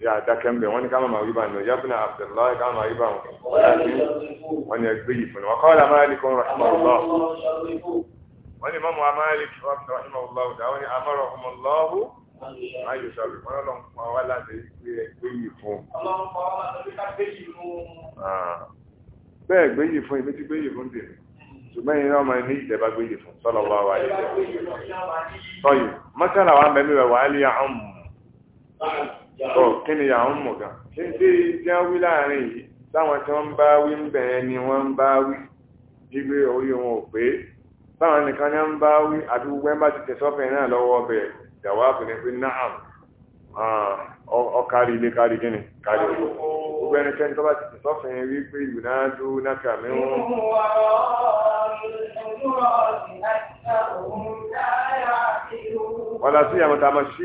[SPEAKER 1] ya dákẹ́ mbẹ̀ wọ́n ni ká máa wíbà nù yábùnà Abdullahi ká máa wíbà wọ́n ni ẹgbẹ́ yìí fún wọn kọ́ọ̀lá Malik rahimahullah wọ́n ni mọ́mọ́ Malik rahimahullah dáwọn ni amọ́rọ̀ ọmọlọ́hù ayò sọ̀rọ̀ wọ́n lọ́n pa wá láti ẹgbẹ́ yìí fún. bẹ́ẹ̀ gbé yìí fún ibi tí gbé yìí fún dè ṣùgbọ́n yìí náà máa ní
[SPEAKER 2] ọ̀ kí
[SPEAKER 1] ni yàá ń mọ̀ gan kí n tí tí wọ́n wí láàrin yìí táwọn tí wọ́n ń bá wí ń bẹ̀ ẹ́ ni wọ́n ń bá wí gbígbé orí wọn ò pé báwọn nìkan ní ń bá wí àti gbogbo ẹ̀ bá ti tẹ̀sọ́fẹ̀ náà lọ́wọ́ ọbẹ̀ ìyàwó àfihàn pé náà ọkàrí ilé kárí gíní kárí ojú gbogbo ẹnikẹ́ni tó bá ti sọ́fìn rí pé ìgbìnàájú náà mẹ́wọ́n
[SPEAKER 2] wọ́n lásí àmọ́ta mọ́ sí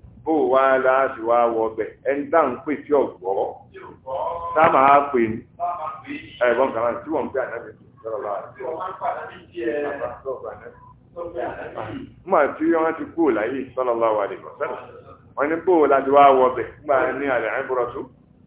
[SPEAKER 1] bó wá láti wá wọbẹ̀ ẹni ń pè sí ọ̀gbọ́ tá pè ní ẹ̀bọn kan náà wọ́n pè ànábì sọ̀rọ̀ lọ́wọ́ àti mọ̀ wọ́n ti kú láyé sọ́lọ́lá wa lè kọ̀ sẹ́nu wọ́n ní bó láti wá wọbẹ̀ nígbà ní àlẹ́ àìbúrọ̀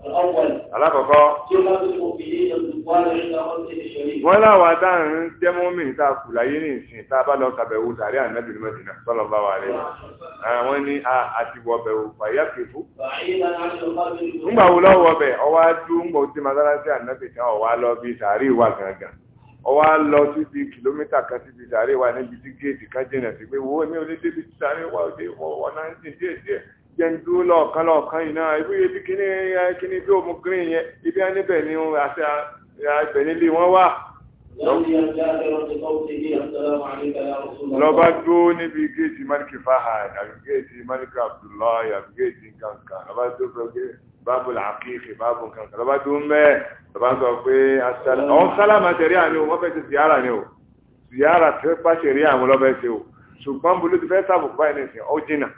[SPEAKER 1] alákọ̀ọ́kọ́ wọ́n láwọn adáhùn jẹ́ mọ́mìnì tá a kù láyé ní ìsìn tá a bá lọ sàbẹ̀wò sàrí ànábì ní mẹ́sìn náà sọ́lọ́ bá wà rẹ̀ wọ́n ní àtiwọ̀ ọbẹ̀wò fàyà kìfú.
[SPEAKER 2] ńgbà wo lọ́wọ́ ọbẹ̀
[SPEAKER 1] ọwọ́ adú ńgbà ó ti mọ́sálásí ànábì tán ọ̀wá lọ bí sàárì wà gàngàn ọwọ́ á lọ síbi kìlómítà kan síbi sàárì wà níbi tí géètì kan jìnnà sí pé wo èmi ò ní débi sàárì wà òde wọ jẹndu lọọkan lọọkan yìí náà ibi ibi kíní kíní bí omi green yẹn ibi á níbẹ̀ ni àti àgbẹ̀ nílé wọn wà. lọ́ba dúró níbi géètì malik fahad àbí géètì malik abdullahi àbí géètì kankan lọ́ba dúró fẹ́ géètì báàbù làákìkì báàbù kankan lọ́ba dúró mẹ́ẹ̀ lọ́ba sọ pé ọ̀hún sálámà tẹ̀rí àná o wọ́n fẹ́ ti ziyara ni o ziyara tẹ́ pàṣẹ rí àwọn lọ́bẹ̀ ṣe o ṣùgbọ́n bolo ti fẹ́ sábò báyìí nìsín ọ jìnnà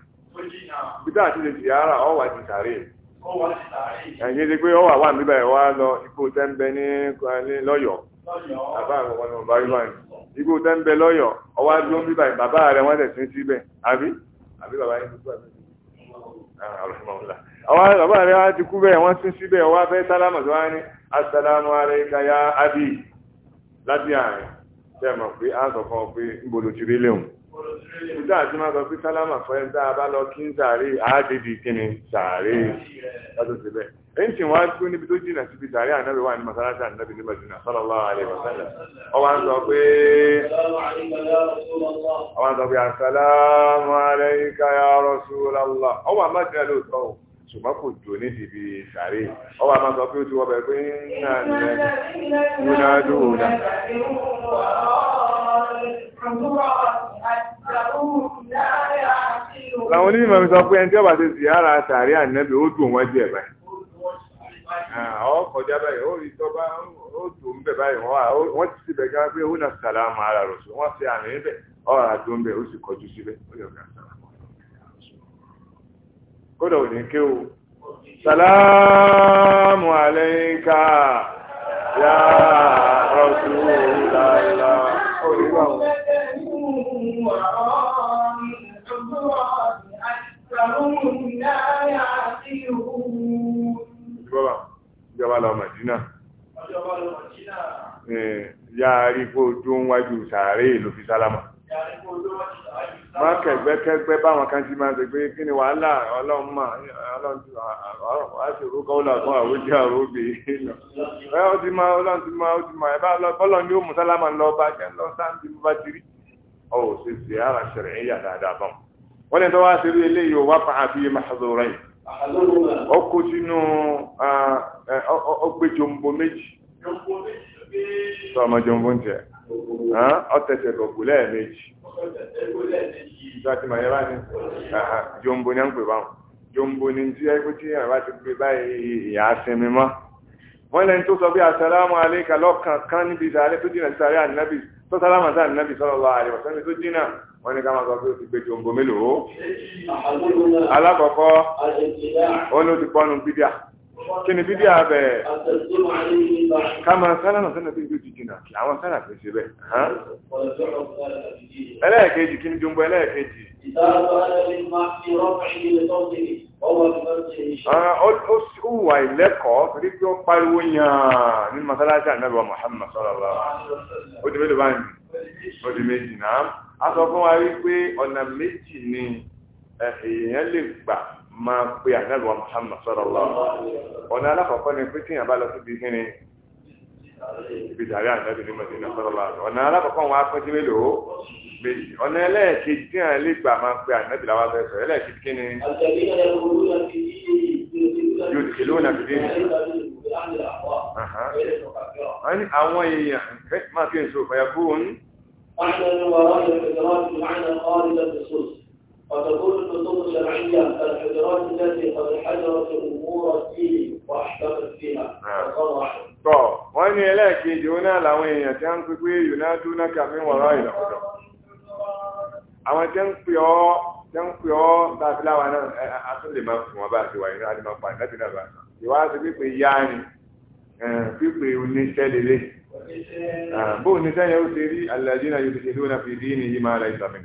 [SPEAKER 1] peter àti lè ziyara ọ wà ti sàárè ẹ̀yìn ti pé ọ wà wà níbà ẹ̀ wá lọ ipò tẹ́ńbẹ́ ní lọ́yọ̀ọ́ bàbá rẹ̀ wọn lọ bá rí báyìí ipò tẹ́ńbẹ́ lọ́yọ̀ọ́ ọwọ́ adúlọ́ bíbà bàbá rẹ̀ wọ́n tẹ̀sí síbẹ̀ àbí àbí bàbá yẹn tó tó àbí àwọn ah, bàbá rẹ̀ wá ti kú bẹ́ẹ̀ wọ́n sí síbẹ̀ wá fẹ́ sálámà tó wá ní asàlámù aláìka ya abi láti àárín tẹ́ mọ̀ pé a sọ fún ọ pé ń bolo ti rí nígbà tí wọ́n sọ pé sálámà fún ẹ̀ tá a bá lọ kí ń sàárè àádédì kíni sàárè lọ́dún síbẹ̀ èyí tí wọ́n á tún níbi tó jìnnà síbi sàárè ànábì wà ní masalasi ànábì ní Madina sallallahu alaihi wasallam ọwọ́ ń sọ pé ọwọ́ ń sọ pé assalamu alayka ya Rasulallah ọwọ́ àmàdínà lóòótọ́ ṣùgbọ́n kò jò ní ìdìbì sàárè ọwọ́ a máa sọ pé ó ti wọ́ bẹ̀ pé náà
[SPEAKER 2] ní onímọ̀ mi sọ pé ẹni tí ọba
[SPEAKER 1] ti sì ara sàárè ànábì ó dùn wọ́n jẹ́ báyìí ọ kọjá báyìí ó rí tọ́ba ó dùn báyìí wọ́n ti pé ó ara wọ́n àmì ọ̀rọ̀ àdó ń bẹ̀ ó sì kọjú síbẹ̀ ó yọ̀ ká kódà òní ké o sàlámù àlẹ́yìnká yá rọ̀tù làlá òní wà o. Ìjọba ìjọba lọ Màdínà.
[SPEAKER 2] Ìjọba lọ Màdínà.
[SPEAKER 1] Yáa rí kó dún wájú sàárè ló fi sálámà.
[SPEAKER 2] má kẹgbẹkẹgbẹ
[SPEAKER 1] báwọn kan ti máa ń kí ni wàhálà ọlọ́run mà ọlọ́run ti wà á rúkọ ọlọ àkọ àwòjẹ àròbè lọ ẹ ó ti máa ọlọ́run ti máa ó ti ẹ bá lọ bọlọ sálámà lọ bá jẹ lọ sáńtì bó bá ti rí ọ ṣe ṣe ara dáadáa bọ wọn wá ṣe rí eléyìí ó wá pa ó kó sínú méjì ọmọ ń ọ̀tẹ̀tẹ̀ gọ̀gù lẹ́ẹ̀mejì
[SPEAKER 2] ìjọ́tìmọ̀ yẹn bá ní jombo
[SPEAKER 1] ní ń pè báwọn jombo ní tí ẹgbẹ́ tí yàrá ti pè báyìí ìyá sinmi mọ́ wọ́n lẹ́ni tó sọ bí asàlámù aléka lọ́kàn kan níbi ìsàlẹ̀ tó dínà sàrẹ́ ànábì tó sálámà sáà ànábì sallallahu alaihi wasallam tó dínà wọ́n ní ká máa sọ pé ó ti gbé jombo mélòó alákọ̀ọ́kọ́ ó ní ó ti pọ́nù bídíà kí ni bídíà bẹ̀rẹ̀ ká máa sálànà sọ́nà tó ti jìnnà kí àwọn sálà fi ṣe bẹ́ẹ̀. ẹlẹ́ẹ̀kejì kí ni jumbo ẹlẹ́ẹ̀kejì. ó wà ìlẹ́kọ̀ọ́ torí pé ó pariwo yàn ní masalasi anabiwa Muhammad sallallahu alaihi wasallam ó ti mélòó báyìí ó di méjì náà a sọ fún wa wípé ọ̀nà méjì ni eh, èèyàn lè gbà máa pe àdàlùwà Muhammad sallallahu ọ̀nà alákọ̀ọ́kọ́ ni pé tíyàn bá lọ síbi kíni ibi tàbí àdàbí ní Madina sallallahu ọ̀nà alákọ̀ọ́kọ́ wọn á pín sí mélòó méjì ọ̀nà ẹlẹ́ẹ̀kejì tíyàn lè gbà máa pe àdàbí làwọn afẹ́fẹ́ ẹlẹ́ẹ̀kejì kíni
[SPEAKER 2] yóò ti lóun náà fi dé
[SPEAKER 1] ní àwọn èèyàn máa fi èso fàyàkùn.
[SPEAKER 2] وتكون النصوص الشرعية الحجرات التي قد حجرت أمور الدين وأحكمت فيها وصرحت
[SPEAKER 1] tọ́ wọ́n ní ẹlẹ́ẹ̀kejì ó náà làwọn èèyàn tí a ń pípé yùnádú náà kàfin wọ̀rọ̀ ìlọ́pọ̀lọ́ àwọn tí ń pè máa fún wọn àti wà nínú àdìmọ́ pa láti náà bá ìwà pípé yá ni pípé oníṣẹ́ lélẹ̀ bó oníṣẹ́ yẹn ó ṣe rí alẹ́ àdínà yóò ṣe lónà fi dín ní yìí máa la ìsàmì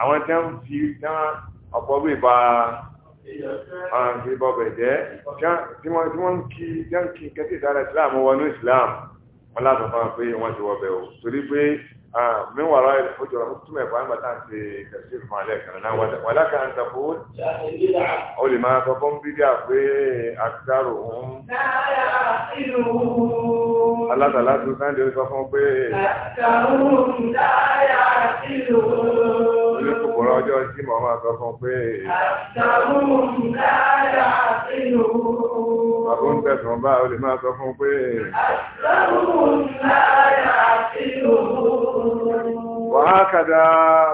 [SPEAKER 1] àwọn tí wọ́n fi tán ọ̀pọ̀ bí ba ìbọn bẹ̀jẹ́ tí wọ́n ń kí jáǹkì kẹ́tì ìdára islam wọnú islam wọn láti fún wa pé wọ́n ti wọ́bẹ̀ o torí pé mẹ́wàá rẹ̀ ojú ọ̀rọ̀ túmọ̀ ẹ̀kọ́ àgbà tá à ń ṣe kẹ̀sí fún alẹ́ kan náà wọ́n lákà ń sàfó ó lè máa sọ fún bídíà pé àtàrò òun alátàlá tó sáńdé ó sọ fún pé àtàrò òun dáyà ìlú ọ̀rọ̀ ọjọ́ tí mo máa sọ fún pé. àtàwọn dáadáa
[SPEAKER 2] sínú. àbó ń
[SPEAKER 1] tẹ̀sán bá o lè máa sọ fún pé.
[SPEAKER 2] àtàwọn dáadáa sínú. wàá kàdá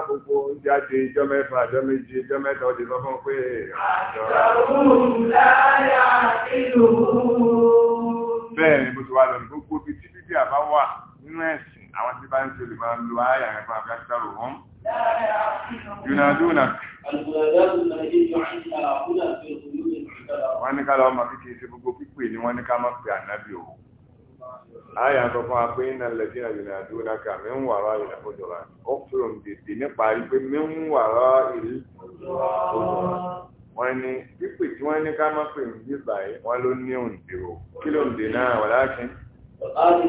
[SPEAKER 1] gbogbo jáde ijọ́ mẹ́fà ijọ́ méje ijọ́ mẹ́ta ó lè sọ fún pé. àtàwọn dáadáa sínú. bẹ́ẹ̀ mo ti wá lọ ní gbogbo bíi títí tí wà nínú ẹ̀sìn àwọn tí bá ń ṣe lè máa lo ayé yunadúnà wọ́n ní ká lọ́wọ́ máa fi kìí ṣe gbogbo pípè ní wọ́n ní ká máa pè ànábì o àyà sọ fún wa pé iná lẹ́tí náà yunadúnà ká mi ń wàrọ̀ ilẹ̀ fojọra ó fúrò ń dèdè nípa rí pé mi ń wàrọ̀ wọ́n ní pípè tí wọ́n ní ká máa pè ní báyìí wọ́n ló ní òǹdè o kí ló ń dè náà wọ́n lákìn
[SPEAKER 2] wọ́n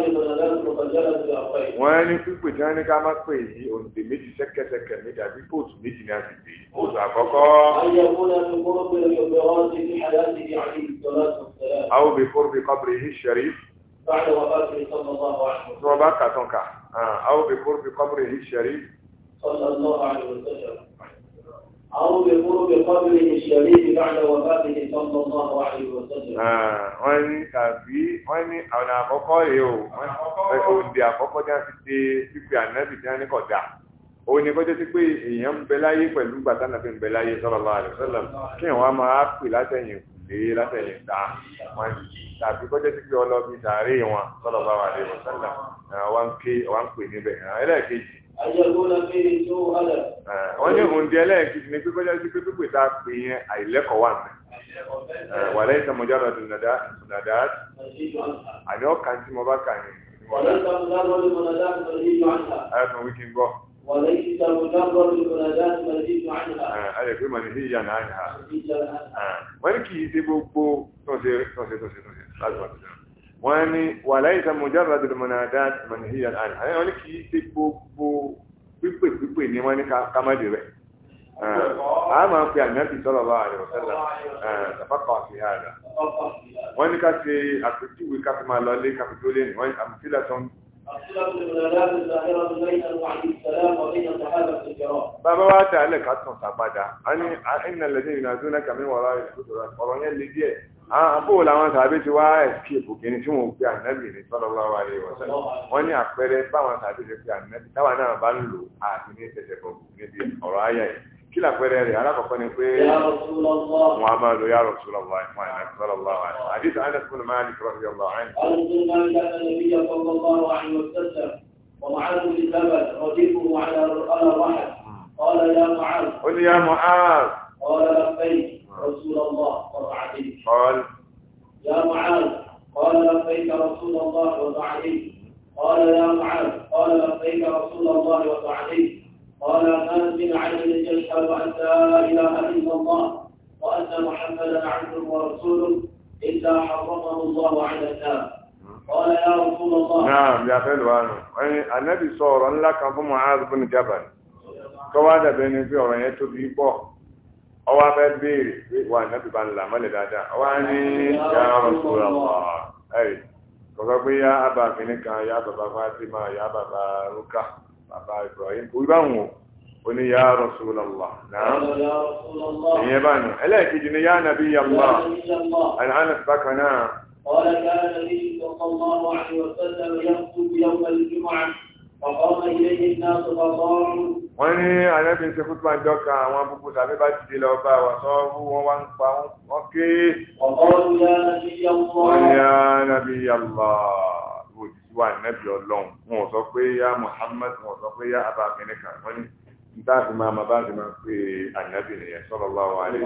[SPEAKER 2] ní
[SPEAKER 1] pípè tí wọ́n ní ká má pè yí òǹdè méjì sẹ́kẹsẹkẹ méjì àbí kóòtù méjì ní àgbègbè kóòtù àkọ́kọ́. àwọn òbí fóró bí kọ́bìrì yìí ṣẹ̀rí. tí wọ́n bá kà tán kà àwọn òbí fóró bí kọ́bìrì yìí ṣẹ̀rí.
[SPEAKER 2] أو بقرب قبره الشريف بعد وفاته صلى الله عليه وسلم. wọ́n
[SPEAKER 1] ní tàbí wọ́n ní ọ̀nà àkọ́kọ́ rèé o wọ́n ní òǹdè àkọ́kọ́ tí wọ́n ti ṣe pípé ànábì tí wọ́n ní kọ̀dà òun ni kọjá sí pé èèyàn ń bẹ láyé pẹ̀lú gbàtà nàbí ń bẹ láyé sallallahu alaihi wasallam kí wọ́n máa pè látẹ̀yìn kùlé látẹ̀yìn ta wọ́n tàbí kọjá sí pé ọlọ́bí sàárè wọn sallallahu alaihi wasallam wọ́n ń pè níbẹ̀ ẹlẹ́ẹ̀kejì wọ́n ní òun di ẹlẹ́ẹ̀kejì ní pípẹ́ jẹ́ pípẹ́ pípẹ́ tá a pè yẹn àìlẹ́kọ̀ọ́ wà mẹ́.
[SPEAKER 2] wà lẹ́yìn sàmójá
[SPEAKER 1] lọ dùnàdá dùnàdá àní ọ̀kà tí mo bá kà yẹn. ẹ̀sùn wíkì ń bọ̀.
[SPEAKER 2] وليس مجرد المناجاة المزيد عنها. أي
[SPEAKER 1] في منهيا عنها. منهيا عنها. وين كي يجيبوا بو توسي توسي توسي توسي wọ́n ní wàláyé sọ mọ̀jára dùn mọ̀nà àdá mọ̀nà ìyá àná àyẹ̀ wọn ní kì í ṣe gbogbo pípè pípè ni wọ́n ní kámẹ́dì rẹ̀ a máa pe ànábì sọ̀rọ̀ bá àyọ̀ sẹ́lẹ̀ ṣàfàkọ̀ àti àdá wọ́n ní ká ṣe àpèjúwe ká fi máa lọ lé ká fi tó lé ní wọ́n ní Bàbá wa dà lẹ́ka tàn sàgbàdà, a ní àìnà lẹ́dí ìrìnàjò náà kàmí wọ̀rọ̀ ọ̀rọ̀ yẹn lé díẹ̀ àbò làwọn tàbí ti wá escape òkèrè tí wọn ò pe ànábì ní sallallahu alaihi wasallam wọn ní àpẹẹrẹ báwọn tàbí ti pe ànábì táwọn náà bá ń lò àti ní tẹsẹ̀ bọ̀ níbi ọ̀rọ̀ ayà yìí kí làpẹẹrẹ rẹ̀ alákọ̀ọ́kọ́ ni pé wọn a máa lo ya Rasulullah wọn àná sallallahu alaihi wasallam àdìsí Anas ibn Malik radiyallahu anhu.
[SPEAKER 2] قال يا معاذ قال يا معاذ قال لبيك رسول الله صلى عليه قال يا معاذ قال لبيك رسول الله وسعديه قال يا معاذ قال لبيك رسول الله وسعديه قال ما من عدل يشهد ان لا اله الا الله وان محمدا عبده ورسوله الا حرمه الله على النار Naam,
[SPEAKER 1] ya fẹ́ lọ àrùn. Ẹni ànábì sọ ọ̀rọ̀ ńlá kan fún Mu'adh bin Jabal. Tọ́wádà bẹni pé ọ̀rọ̀ yẹn tóbi pọ̀ ọwọ́ abẹ́ béèrè pé wà nábì bá ń là mọ́lẹ̀ dáadáa ọwọ́ á ní ìyá ọ̀ṣọ́ra wà ẹ̀rì kọ̀ọ̀kan pé yá àbá kìíní kan yá bàbá Fatima yá bàbá Ruka bàbá Ibrahim kò bá wọn o ní yá ọ̀ṣọ́ra wà náà ìyẹn bá ní ẹlẹ́ẹ̀kejì ní yá nàbí yàmá àlànà bákan náà.
[SPEAKER 2] قال كان النبي صلى الله عليه وسلم wọ́n ní
[SPEAKER 1] àyẹ́bí ṣe kútu àjọ kan àwọn abúkú tàbí bá dìde lọ bá wà sọ wú wọn wá ń pa wọn ké.
[SPEAKER 2] wọ́n ní
[SPEAKER 1] ànábì yàrá ìwòjì sí wa ànábì ọlọ́run wọn sọ pé yá Muhammad wọn ò sọ pé yá abba kìnìún kan wọ́n ní níta fi máa máa bá ti máa pé ànábì nìyẹn sallallahu alaihi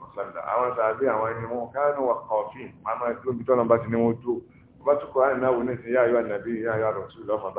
[SPEAKER 1] wasallam àwọn sàbí àwọn ẹni wọn káàánú wà kọfí máa máa dúró bí tọ́nà bá ti ní wọn dúró bá tún kọ́ àìnáwó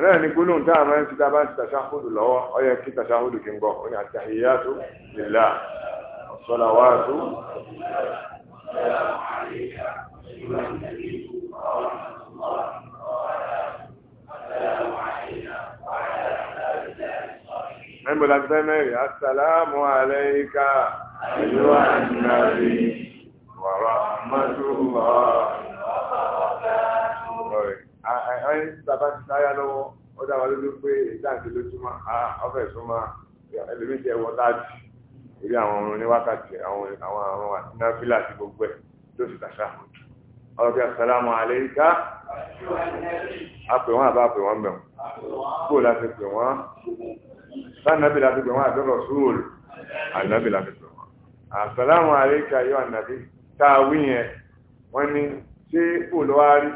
[SPEAKER 1] náà ní gbólóhùn tá a máa ń ti dábàá ti tàṣáhùdù lọ́wọ́ ó yẹ kí tàṣáhùdù kí n gbọ́ ó ní àtàhíyàtú lillah sọ̀làwàtú. Ẹ̀mí la ti fẹ́ mẹ́rin, Assalamu alayka, Ayúwà Nàbí, wàrà. súnmọ́ ọ̀fẹ́ súnmọ́ ẹlòmíì jẹ́ wọ́n láti orí àwọn ọmọ ní wákàtí àwọn àwọn àwọn àti náfìlà àti gbogbo ẹ̀ tó sì tàṣà ọlọ́pẹ́ àsàlámù àlẹ́ríkà
[SPEAKER 3] àpè wọ́n àbá àpè wọ́n mẹ́wọ̀n
[SPEAKER 1] kó láti pè wọ́n sànàbì láti pè wọ́n àtọ́rọ̀ sóòlù ànàbì láti pè wọ́n àsàlámù àlẹ́ríkà yóò ànàbì tá a wí yẹn wọ́n ní ṣé òlọ́wárí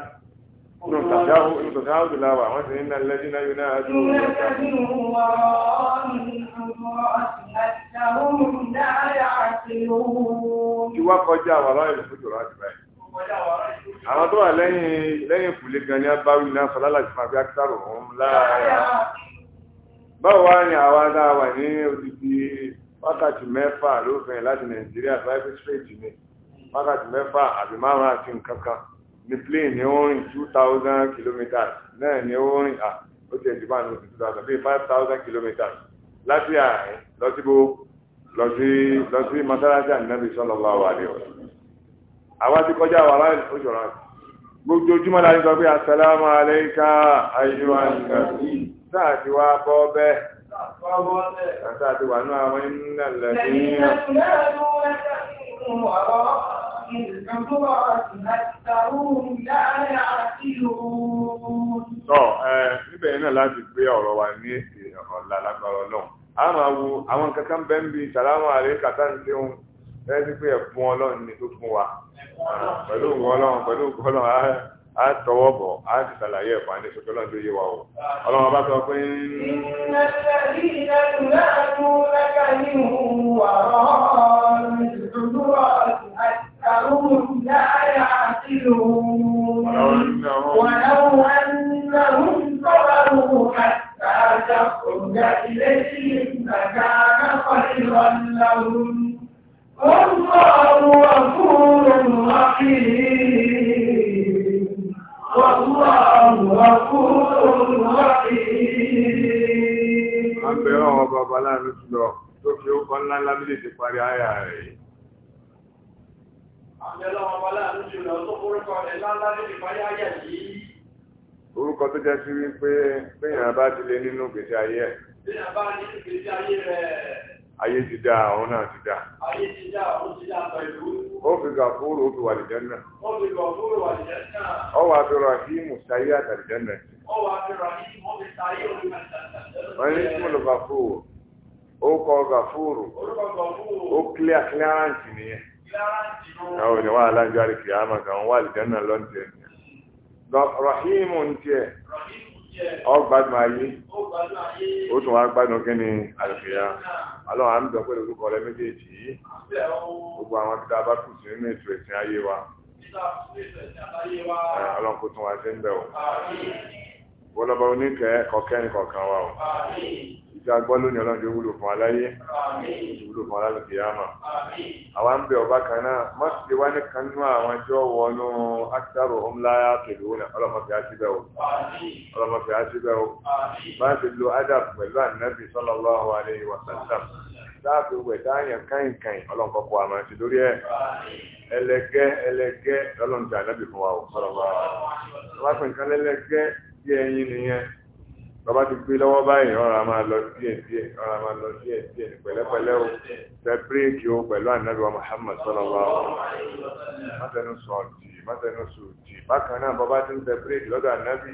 [SPEAKER 1] Ìtòsáwò ti láwà, wọ́n ti ní náà lẹ́jí náà yóò náà dúró. Ìwà kọjá àwàrá Àwọn tó wà lẹ́yìn ìpùlé gan ni a náà sọlá láti máa fi ákítàrò wọn láàárá. Báwo wá ní àwa ní odidi wákàtí mẹ́fà lófin láti Nàìjíríà, Private State ni, wákàtí mẹ́fà àbí márùn-ún àti nǹkan the plane ni ó rìn two thousand kilometres náà ni ó rìn à ó ti ẹ̀jú báyìí lóṣù two thousand bíi five thousand kilometres láti àárín lọ sí bo lọ sí lọ sí mọ́sálásí ànábì sọ́nà ọ̀la wà ní ọ̀sẹ̀. àwa ti kọjá wa láì ó ṣọ̀rọ̀ àti gbogbo ojúmọ́ la ní sọ pé asalaamu aleyka ayiwa sáà ti wá bọ́ bẹ́ẹ̀. sáà ti wà nínú àwọn iná lẹ́yìn. lẹ́yìn
[SPEAKER 2] تلك القرى أكثرهم لا يعقلون.
[SPEAKER 1] níbẹ̀ náà láti gbé ọ̀rọ̀ wa ní ọ̀la lágbára ọlọ́run a máa wo àwọn kankan bẹ́ẹ̀ ń bi ìsàlámù àrẹ kàtà ń léhun ẹ́ sí pé ẹ̀bùn ọlọ́run ni tó fún wa pẹ̀lú ọlọ́run pẹ̀lú ọlọ́run a tọwọ́ bọ̀ a ti ṣàlàyé ẹ̀fọ́ àti ìṣòkè ọlọ́run tó yé wa o ọlọ́run bá sọ pé. ìnáṣẹ́
[SPEAKER 2] bí فهم لا يعقلون ولو أنهم صبروا حتى تخرج إليهم لكان خيرا لهم والله غفور رحيم والله غفور رحيم. Abẹ́rẹ́ ọba
[SPEAKER 1] Bàbá láàrin lọ tó fi ó kọ́ ńlá ńlá méjèèjì parí ayà rẹ̀ yìí. orúkọ tó jẹ́ sí wípé péyàn bá ti lé nínú gbèsè ayé ẹ̀.
[SPEAKER 2] péyàn bá nínú gbèsè ayé rẹ̀.
[SPEAKER 1] ayé ti dá àwọn náà ti dá.
[SPEAKER 2] ayé ti dá na ti dá pẹ̀lú. ó fi gàfúrò
[SPEAKER 1] ó fi wà lìjẹ́ náà.
[SPEAKER 2] ó fi gàfúrò wà lìjẹ́ náà. ọwọ́ àtọrọ
[SPEAKER 1] àhímù sáyé àtàlìjẹ́ náà.
[SPEAKER 2] ọwọ́ àtọrọ àhímù ó fi sáyé orí náà. wọ́n ní kí mo lọ
[SPEAKER 1] gàfúrò ó kọ gàfúrò ó kílíà kílíà àwọn ènìyàn wà lájọ́ àríkì àmà kan wà lìjánà lọ́ntẹ̀ rahimu ń tiẹ̀ ọgbàdùn ayé ó tún wá gbádùn kí ni àlùfíà alọ́wọ́ à ń lórúkọ rẹ méjèèjì yìí gbogbo àwọn tí a bá kù sí nínú ètò ẹ̀sìn ayé wa
[SPEAKER 2] ọlọ́run kó tún ń bẹ̀
[SPEAKER 1] wọ́n lọ́ba oníkẹ́ kọ̀kẹ́ nìkọ̀ọ̀kan wa o tí a gbọ́ lónìí ọlọ́run yóò wúlò fún aláyé wúlò fún alálùkì yàmà àwa ń bẹ ọba kan náà má ti ṣe wá ní kan nínú àwọn tí ó wọnú akitaro ọmọláyà pẹ̀lú náà ọlọ́mọfì àṣìbẹ̀ o ọlọ́mọfì àṣìbẹ̀ o má ti lo adab pẹ̀lú ànábì sallallahu alaihi wa sallam dáàbò wẹ̀ dáàyàn káyìnkáyìn ọlọ́nkọ́ àmà ti lórí ẹ̀ ẹlẹgẹ́ ẹlẹgẹ́ ọlọ́nkọ́ ànábì fún wa o ọlọ́nkọ́ àwọn bàbá ti gbé lọ́wọ́ báyìí ọ̀rọ̀ a máa lọ díẹ̀ díẹ̀ ọ̀rọ̀ a máa lọ díẹ̀ díẹ̀ pẹ̀lẹ́pẹ̀lẹ́ o fẹ́ bírèkì o pẹ̀lú ànábì Muhammad sallallahu alaihi wasallam mọ́tẹ́nu sọ̀tì mọ́tẹ́nu sọ̀tì bákan náà bàbá ti ń tẹ bírèkì lọ́dọ̀ ànábì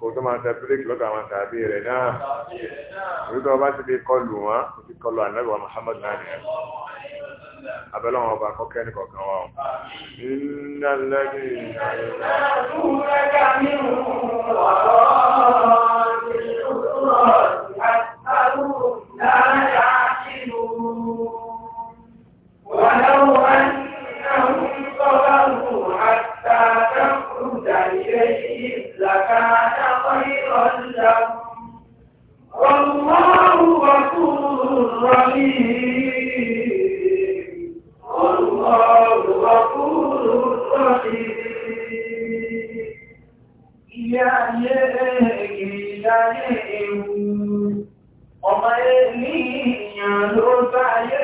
[SPEAKER 1] kò tó máa tẹ bírèkì lọ́dọ̀ àwọn tàbí rẹ̀ náà òbí tó Muhammad náà nìyẹn abẹ́lẹ́ wọn ọba kọ́kẹ́ ní kọ̀ọ̀kan wa ọ̀. iná lẹ́yìn ìrìnàjò.
[SPEAKER 2] Yeah, yeah, yeah ṣàlẹ̀ èwù ọmọ ènìyàn ló báyé